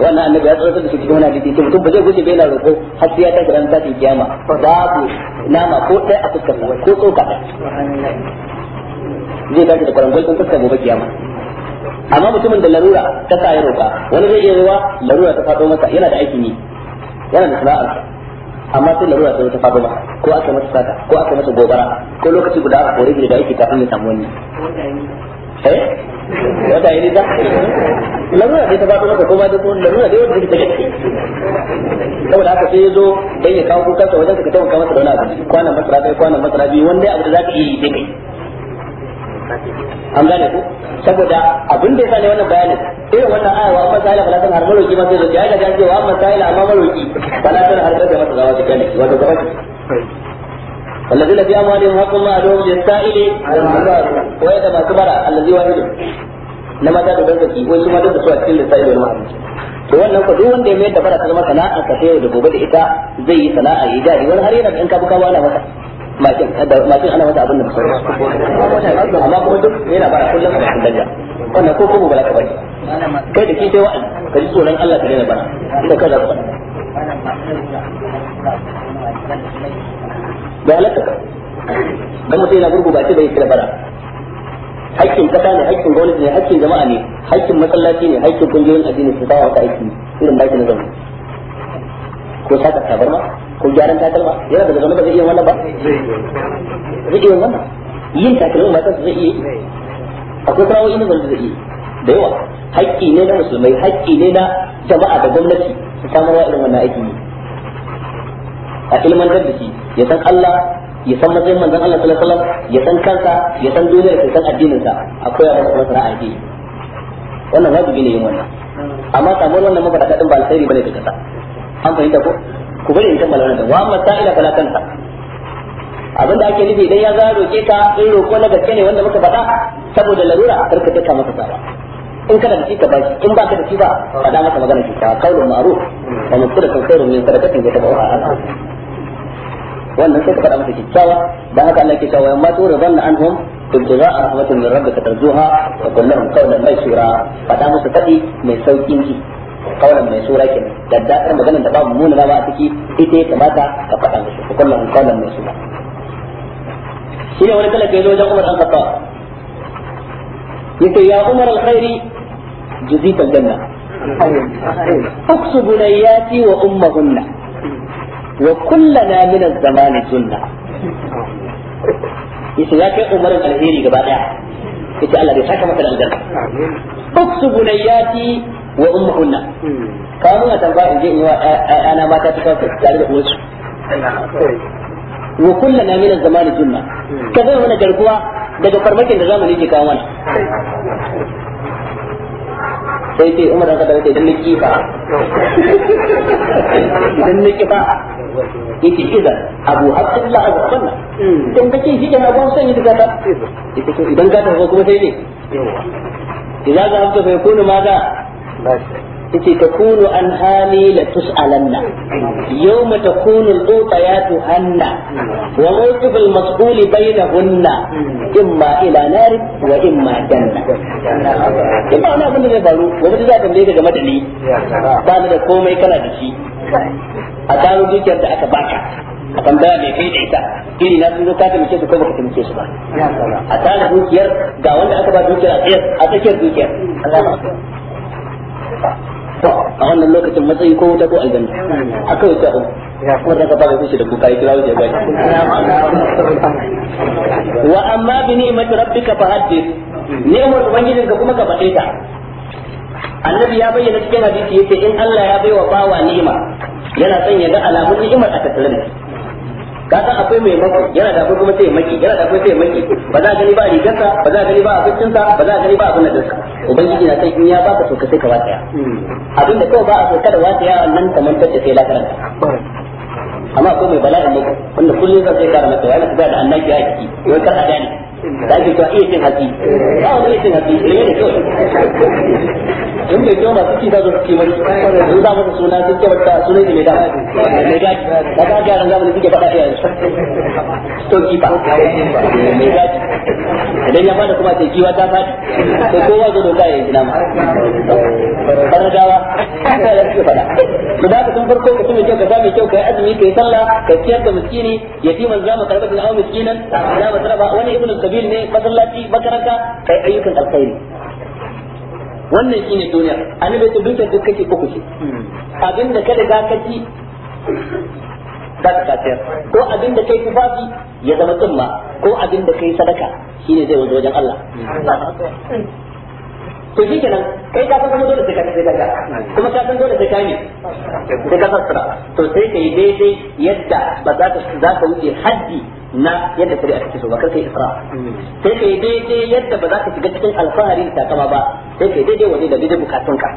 wannan annabi ya tsoratar da shi cikin wani hadisi ce mutum ba zai gushe bai na roƙo har sai ya tashi ran tafi kiyama babu nama ko ɗaya a fuskar ko tsoka zai tashi da kwarangol ɗin fuskar gobe kiyama amma mutumin da larura ta sa ya roƙa wani zai iya ruwa larura ta faɗo masa yana da aikin yi yana da sana'arsa amma sai larura sai ta faɗo ko aka masa sata ko aka masa gobara ko lokaci guda aka kore da yake kafin ya samu wani eh wata yi da larura sai ta faɗo masa ko ma da tsohon larura dai wanda take take saboda haka sai ya zo dan ya kawo kuka wajen ka tawanka masa da wani abu kwanan masara kai kwanan masara biyu wanda abu da za ka yi dai kai an gane ku saboda abin da yasa ne wannan bayanin irin wannan aya wa amma har sai da amma amma har da cikin ne wato gaba ki في أموالهم حق الله لهم للسائل ويد ما كبر الذي واحد لما تاتوا دنسكي وانتم a سوى كل السائل والمعلم to wannan ko duk wanda ya mai da bara ta sana'a ka sai da gobe da ita zai yi sana'a ya jari wani har yana in ka buka wala maka makin ana wata abin da ba amma kuma duk yana kullum a cikin wannan ko kuma ba za ka bari kai da sai ka ji ka daina bara ka ka dan bara haƙƙin kasa ne haƙƙin gwamnati ne haƙƙin jama'a ne haƙƙin masallaci ne haƙƙin kungiyoyin addini su ba wa aiki irin baki na zama ko saka ma ko gyaran takalma yana daga zama da zai iya wannan ba zai iya wannan yin takalma ba zai iya akwai kawo ina zai iya da yawa haƙƙi ne na musulmai haƙƙi ne na jama'a da gwamnati su samarwa irin wannan aiki ne a ilmantar da shi ya san Allah ya san matsayin manzon Allah sallallahu alaihi wasallam ya san kansa ya san duniya ya san addinin sa akwai abin kuma sana'a ji wannan wajibi ne yin wannan amma samuwar wannan mabaraka din ba alheri bane da kasa an fahimta ko ku bari in kammala wannan wa amma sa'ila fala tansa abin da ake nufi idan ya zaro ke ka in roko na gaske ne wanda muka faɗa saboda larura a ka taka masa tsara in kana da shi ka bashi in baka da shi ba faɗa masa magana ki ta kaulu ma'ruf wa mutsaratun kairu min sadaqatin yatabawa ala wannan sai ka faɗa masa kikkiawa dan haka Allah ke cewa yamma tura zanna anhum ibtigha rahmatin min rabbika tarjuha wa qul lahum qawlan maysura faɗa musu fadi mai saukin ki kaulan mai sura kenan daddakar maganin da babu nuna ba a ciki ita ya kamata ka faɗa musu ku kullum kaulan mai sura ne wani kala ke wajen Umar an kafa yake ya Umar al-Khairi juzita al-janna اقصد wa وامهن وكلنا من الزمان sunna yace ya kai umarin alheri gaba daya yace Allah bai saka maka aljanna uksu bunayati wa umma kunna. ka mun ta ba je in wa ana mata ta ta ta da uwarsu wa na min zamani jinna ka zai mana garkuwa daga farmakin da zamani ke kawo mana sai ce umar an kadar idan niki ba idan niki ba yake iza abu abdullah abu sunna dan kake shi kana ba son daga ta idan ta ko kuma sai ne idan ka hafta sai kunu ma da yake takunu an hali la tus'alanna yawma takunu al-qutayatu hanna wa mawqif al-mas'ul bainahunna imma ila nar wa imma janna kuma ana abin da zai faru gobe za ka da ni ba da komai kana da shi a tsaro dukiyar aka baka a tambaya mai kai da ita iri na sun ba a dukiyar ga wanda aka a dukiyar a wannan lokacin matsayi ko wuta ko aljanna a kawai ta uku kuma da ka fara shi da kuka yi kira wuce ba wa amma bi ni'mat rabbika fa haddith ni'mat ubangijin ka kuma ka faɗe ta annabi ya bayyana cikin hadisi yace in Allah ya baiwa bawa ni'ima yana son ya ga alamun ni'imar a tattare da shi ka akwai mai mako yana da kuma sai maki yana da kuma sai maki ba za a gani ba rigarsa ba za a gani ba abincinsa ba za a gani ba abin da ubangiji na sai in ya baka to ka sai ka watsaya abin da kawai ba a so kada watsaya nan kamar tace sai lakaran amma ko mai bala'i ne wanda kullum zan sai kara masa yana tafiya da annaki a ciki wai kar a gane da ake cewa iya cin hatsi ba wani cin hatsi ne ne kawai in mai kyau masu ci za su ci mai su za masa suna sun ce wata suna ne mai da mai da da ta gyaran zamani suke faɗa a yanzu to kifa mai da idan ya fada kuma sai kiwa ta fadi to kowa zo doka ya yi ma. bana dawa ya suke faɗa to da ka tun farko ka tun mai kyau ka sa mai kyau ka yi azumi ka yi sallah ka ciyar da miskini yatiman zama karbatin awa miskinan zama taraba wani ibnu kabil ne masallaci makaranta kai ayyukan alkhairi wannan shi ne duniya bai ta dukiyar duk kake ko kuke abinda da kada ga kaci za ka ko ko abinda kai kufafi ya zama tsumma ko abinda kai sadaka shine zai wajen Allah to shi kenan kai ka san kuma dole sai ka sai daga kuma ka san dole sai ka ne sai ka tsara to sai kai daidai yadda ba za ka za ka wuce haddi na yadda shari'a take so ba kai isra sai kai daidai yadda ba za ka shiga cikin alfahari da takama ba sai kai daidai wani da daidai bukatun ka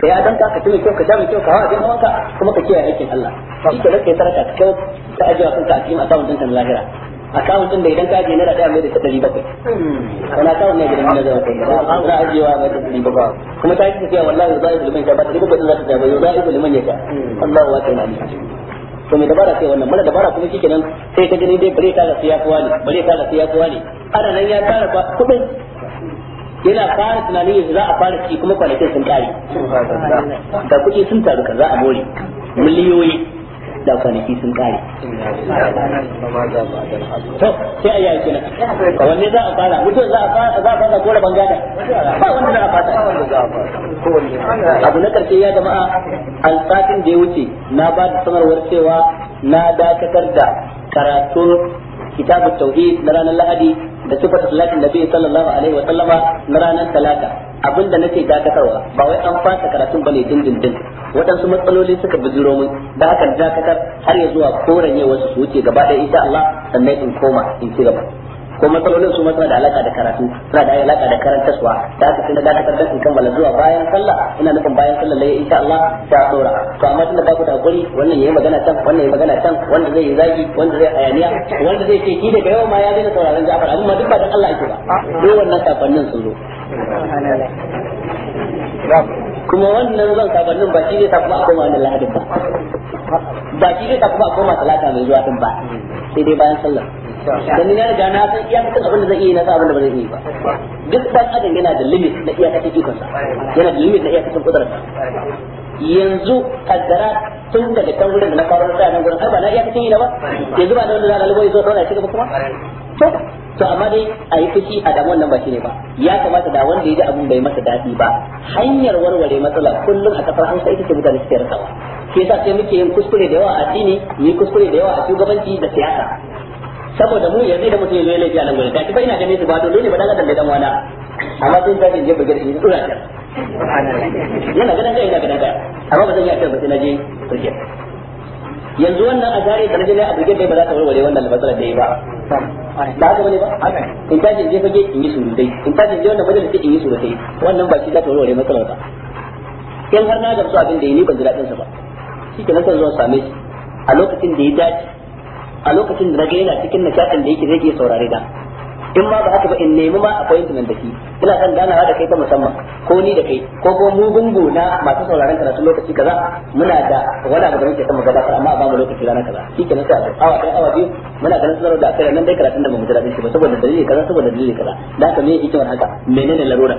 kai adam ka ka tuni kyau ka sha kyau ka hawa abin ka kuma ka kiyaye aikin Allah shi ke kai saraka ka kai ka ajiya kanka a cikin akawun ɗinka na lahira akawun ɗin da idan ka ajiye naira ɗaya mai da tattali bakwai wani akawun ne gidan na zama kai za a ajiyewa mai tattali bakwai kuma ta yi tafiya wallahi za a yi zulmin ka ba ta yi bakwai za ta ta ba za a yi zulmin ya ka Allah wa ta yi to mai dabara sai wannan mara dabara kuma shikenan sai ka gani dai bare ta ga siya kuwa ne bare ta ga siya kuwa ne ana nan ya tara kuɗin yana fara tunanin yanzu za a fara ciki kuma kwanakin sun kare da kuɗi sun taru ka za a more miliyoyi da kwanaki sun kare to sai a yaki na a wanne za a fara mutum za a fara za a fara ko rabon gada ba wanda za a fara abu na karshe ya jama'a alfatin da ya wuce na ba da sanarwar cewa na dakatar da karatun kitabu tauhid na ranar lahadi da sifar salatin biyu sallallahu alaihi wa sallama na ranar talata abinda nake dakatarwa ba wai an fasa karatun bane dindindin waɗansu matsaloli suka bijiro mun da aka dakatar har ya zuwa koranye wasu su wuce gaba ɗaya insha Allah sannan in koma in ci gaba ko matsalolin su matsala da alaka da karatu suna da alaka da karantaswa da aka tunda da ka kan kammala zuwa bayan sallah ina nufin bayan sallah lai insha Allah ta tsora to amma tunda ba ku da hakuri wannan yayi magana can wannan yayi magana can wanda zai yi zagi wanda zai ayaniya wanda zai ce ki daga yau ma ya daina sauraron Ja'far amma duk ba da Allah yake ba duk wannan safannin sun zo kuma wannan zan sabannin ba shi ne sa kuma a koma da lahadin ba ba shi ne sa kuma a koma talata mai zuwa din ba sai dai bayan sallah dan na riga na san iyakacin abin da zai iya na san abin da ba zai iya ba duk ba adam yana da limit na iyakacin ikonsa yana da limit na iyakacin kudurarsa yanzu kaddara tun da can gurin da na fara da nan gurin ai ba na iyakacin yi da ba yanzu ba da wanda za ka labo yazo dole ya shiga kuma to to amma dai a yi fushi a damu wannan ba shi ne ba ya kamata da wanda ya ji abun bai masa daɗi ba hanyar warware matsala kullum a kafar hausa ita ce mutane suke rasawa shi yasa sai muke yin kuskure da yawa a addini mu yi kuskure da yawa a shugabanci da siyasa saboda mu yanzu idan mutum ya zo ya laifi a nan gurin gashi ba ina ganin su ba dole ne ba da adam da dan wala amma sai zai je bugar shi dora ta yana ganin ga ina ganin ga amma ba zan yi akar ba sai na je turke yanzu wannan a tare da na je a abuge bai ba za ta warware wannan labarar da yi ba ba haka bane ba haka in ta je fage in yi surutai in ta je wannan majalisa in yi surutai wannan ba shi za ta warware matsalar ba in har na gamsu abin da yi ni ban ji daɗin ba shi ke nan zuwa same shi a lokacin da ya dace a lokacin da na ga yana cikin nishaɗin da yake zai ke saurare da in ma ba haka ba in nemi ma appointment da shi ina son ganawa da kai ta musamman ko ni da kai ko ko mu gungu na masu sauraron karatu lokaci kaza muna da wani abu da muke son mu gabatar amma ba mu lokaci rana kaza ke nasa a awa ɗaya awa biyu muna ganin sanarwa da akai nan dai karatun da mu jira shi ba saboda dalili kaza saboda dalili kaza da haka me hikimar haka menene larura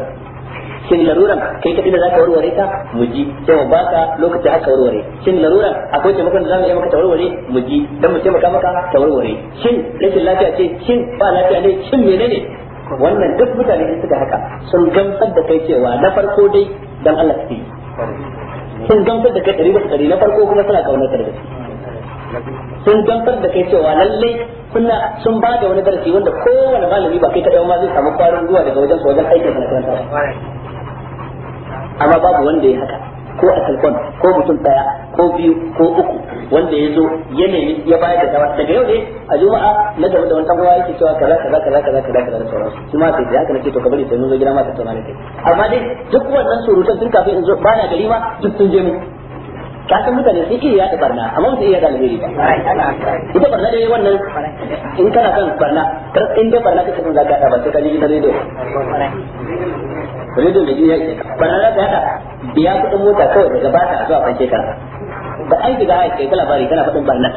shin larura kai kadai da zaka warware ta mu ji sai mu baka lokaci haka warware shin larura akwai taimakon da zamu yi maka ta warware mu ji dan mu ce maka ta warware shin rashin lafiya ce shin ba lafiya ne shin menene wannan duk mutane in suka haka sun gamsar da kai cewa na farko dai dan Allah take sun gamsar da kai dari bisa dari na farko kuma suna kaunar ka da sun gamsar da kai cewa lallai suna sun ba da wani darasi wanda kowane malami ba kai kadai ma zai samu kwarin zuwa daga wajen wajen aikin sanatan amma babu wanda ya haka ko a telefon ko mutum daya ko biyu ko uku wanda ya zo ya nemi ya bayar da dawa daga yau ne a juma'a na gaba da wani ruwa yake cewa kaza kaza kaza kaza kaza kaza da sauransu kuma sai da haka nake to ka bari sai mun zo gida ma tattauna da kai amma dai duk wannan surutan tun kafin in zo ba na gari ma duk sun je mu ka san mutane sai iya yada barna amma sai iya yada alheri ba ita barna dai wannan in kana kan barna kar in dai barna kake son zaka ba sai ka ji gidan rediyo rediyo mai jini ya ishe ka barna ka yada biya kuɗin mota kawai daga ba ta zuwa fanke ka da an shiga kai labari kana faɗin barna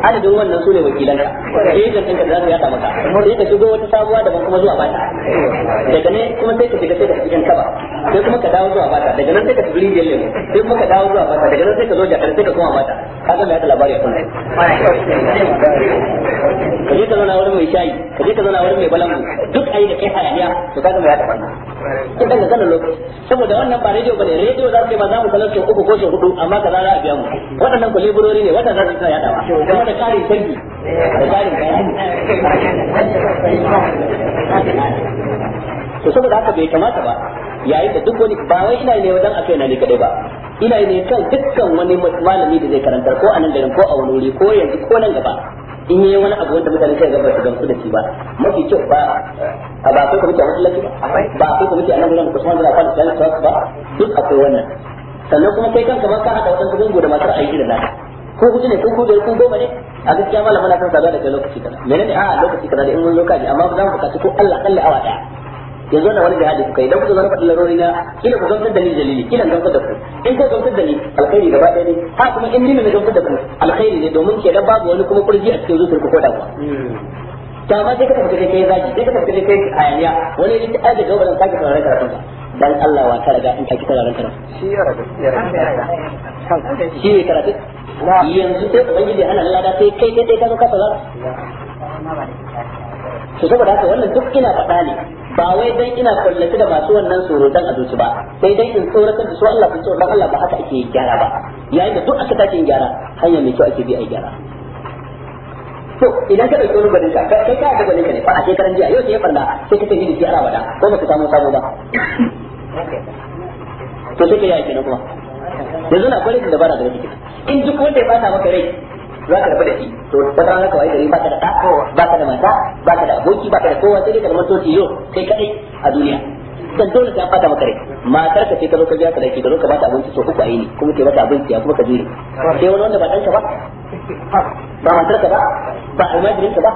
adadin wannan sune wakilanka sai da kanka da za su maka sai ka shigo wata sabuwa daban kuma zuwa bata daga ne kuma sai ka shiga sai ka cikin ka dawo zuwa bata daga nan ka turi jelle sai kuma ka dawo zuwa bata daga nan sai ka zo jakar sai ka koma bata ka ga mai da labari a kun ka je ka wurin mai shayi ka ka zauna wurin mai balangu duk ayi da kai hayaniya to ka ga mai hada wannan kin daga sanin lokaci saboda wannan ba rediyo bane radio za su ba za mu kalar uku ko sau hudu amma ka za a biya mu waɗannan kwaliburori ne waɗannan za game da karin canji da karin bayani to saboda haka bai kamata ba yayin da duk wani ba wai ina ne wajen akai na ne kadai ba ina ne kan dukkan wani malami da zai karantar ko a nan garin ko a wani wuri ko yanzu ko nan gaba in yi wani abu wanda mutane sai gaba su gamsu da shi ba mafi kyau ba a ba kai kuma kyawun lafi ba ba kai kuma kyawun lafi ba kuma da kwan da ba duk akwai wannan sannan kuma kai kanka ma ka hada wasan gungu da matar aiki da naka ko hudu ne ko ko da ko goma ne a gaskiya malam muna kan saduwa daga lokaci kaza menene a lokaci kaza da in mun zo kaji amma za mu bukaci ko Allah kalle awa daya yanzu na wani jihadi kuka yi dan kuka zo na faɗin larori na kila ku gamsar da ni dalili kila gamsar da ku in ko gamsar da ni alkhairi gaba ɗaya ne ha kuma in ni ne gamsar da ku alkhairi ne domin ke dan babu wani kuma kurji a cikin zuciyar ku ko da ku to amma sai ka tafi kai zaki sai ka tafi kai hayaniya wani ne ta aje gaba dan sake sauraron karatun dan Allah wa ta riga in ka ki tararen karatu shi ya raga shi ya karatu yanzu sai ubangiji hana lada sai kai dai ka zo ka tsara to saboda haka wannan duk ina faɗa ne ba wai dan ina kullace da masu wannan dan a zuci ba sai dai in tsoratar da su Allah kun tsoron Allah ba haka ake gyara ba yayin da duk aka tashi yin gyara hanya mai kyau ake bi a gyara to idan ka dauki wani gwanin ka kai ka ga gwanin ka ne fa a shekaran jiya yau sai ya farda sai ka tafi da shi da ko ka samu sabo ba to sai ka yi aiki na kuma yanzu na kwarin da bara da wani in duk wanda ya bata maka rai za ka rabu da shi to wata rana kawai gari baka da ɗa baka da mata baka da aboki baka da kowa sai dai ka zama to tiyo kai kadai a duniya dan dole ka bata maka rai matar ka ce ka zo ka biya ka laifi ka zo ka bata abinci to uku a yini kuma ke bata abinci ya kuma ka jire sai wani wanda ba dan ka ba ba matar ka ba ba almajirin ka ba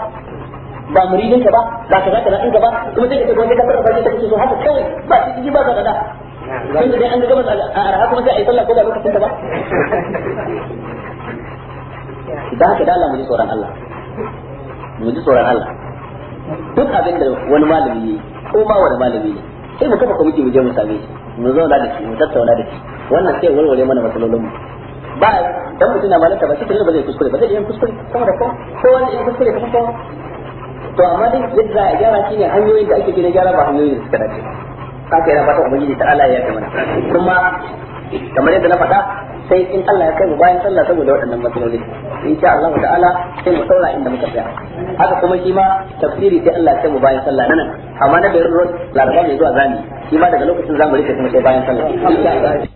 ba muridin ka ba ba ka zaka nan ba kuma sai ka ga wani kafar bari ta kace so haka kai ba shi ba ka da kun da an ga gaba a arha kuma sai ai sallah ko da lokacin da ba da haka da mu ji tsoron Allah mu ji tsoron Allah duk abin da wani malami ne ko ma wani malami ne sai mu kafa kwamiti mu je mu same shi mu zauna da shi mu tattauna da shi wannan sai warware mana matsalolin mu ba dan mutuna malaka ba shi ba zai kuskure ba zai yi kuskure kuma da ko ko wani yin kuskure kuma ko to amma dai yadda za a gyara shi ne hanyoyin da ake gina gyara ba hanyoyin da suka dace haka yana fata ubangiji ta Allah ya kai mana kuma kamar yadda na faɗa sai in Allah ya kai mu bayan sallah saboda waɗannan matsaloli in sha Allah ta'ala sai mu saura inda muka tsaya haka kuma shi ma tafsiri sai Allah ya kai mu bayan sallah nan amma na bayar road laraba mai zuwa zani shi ma daga lokacin zamu rike kuma sai bayan sallah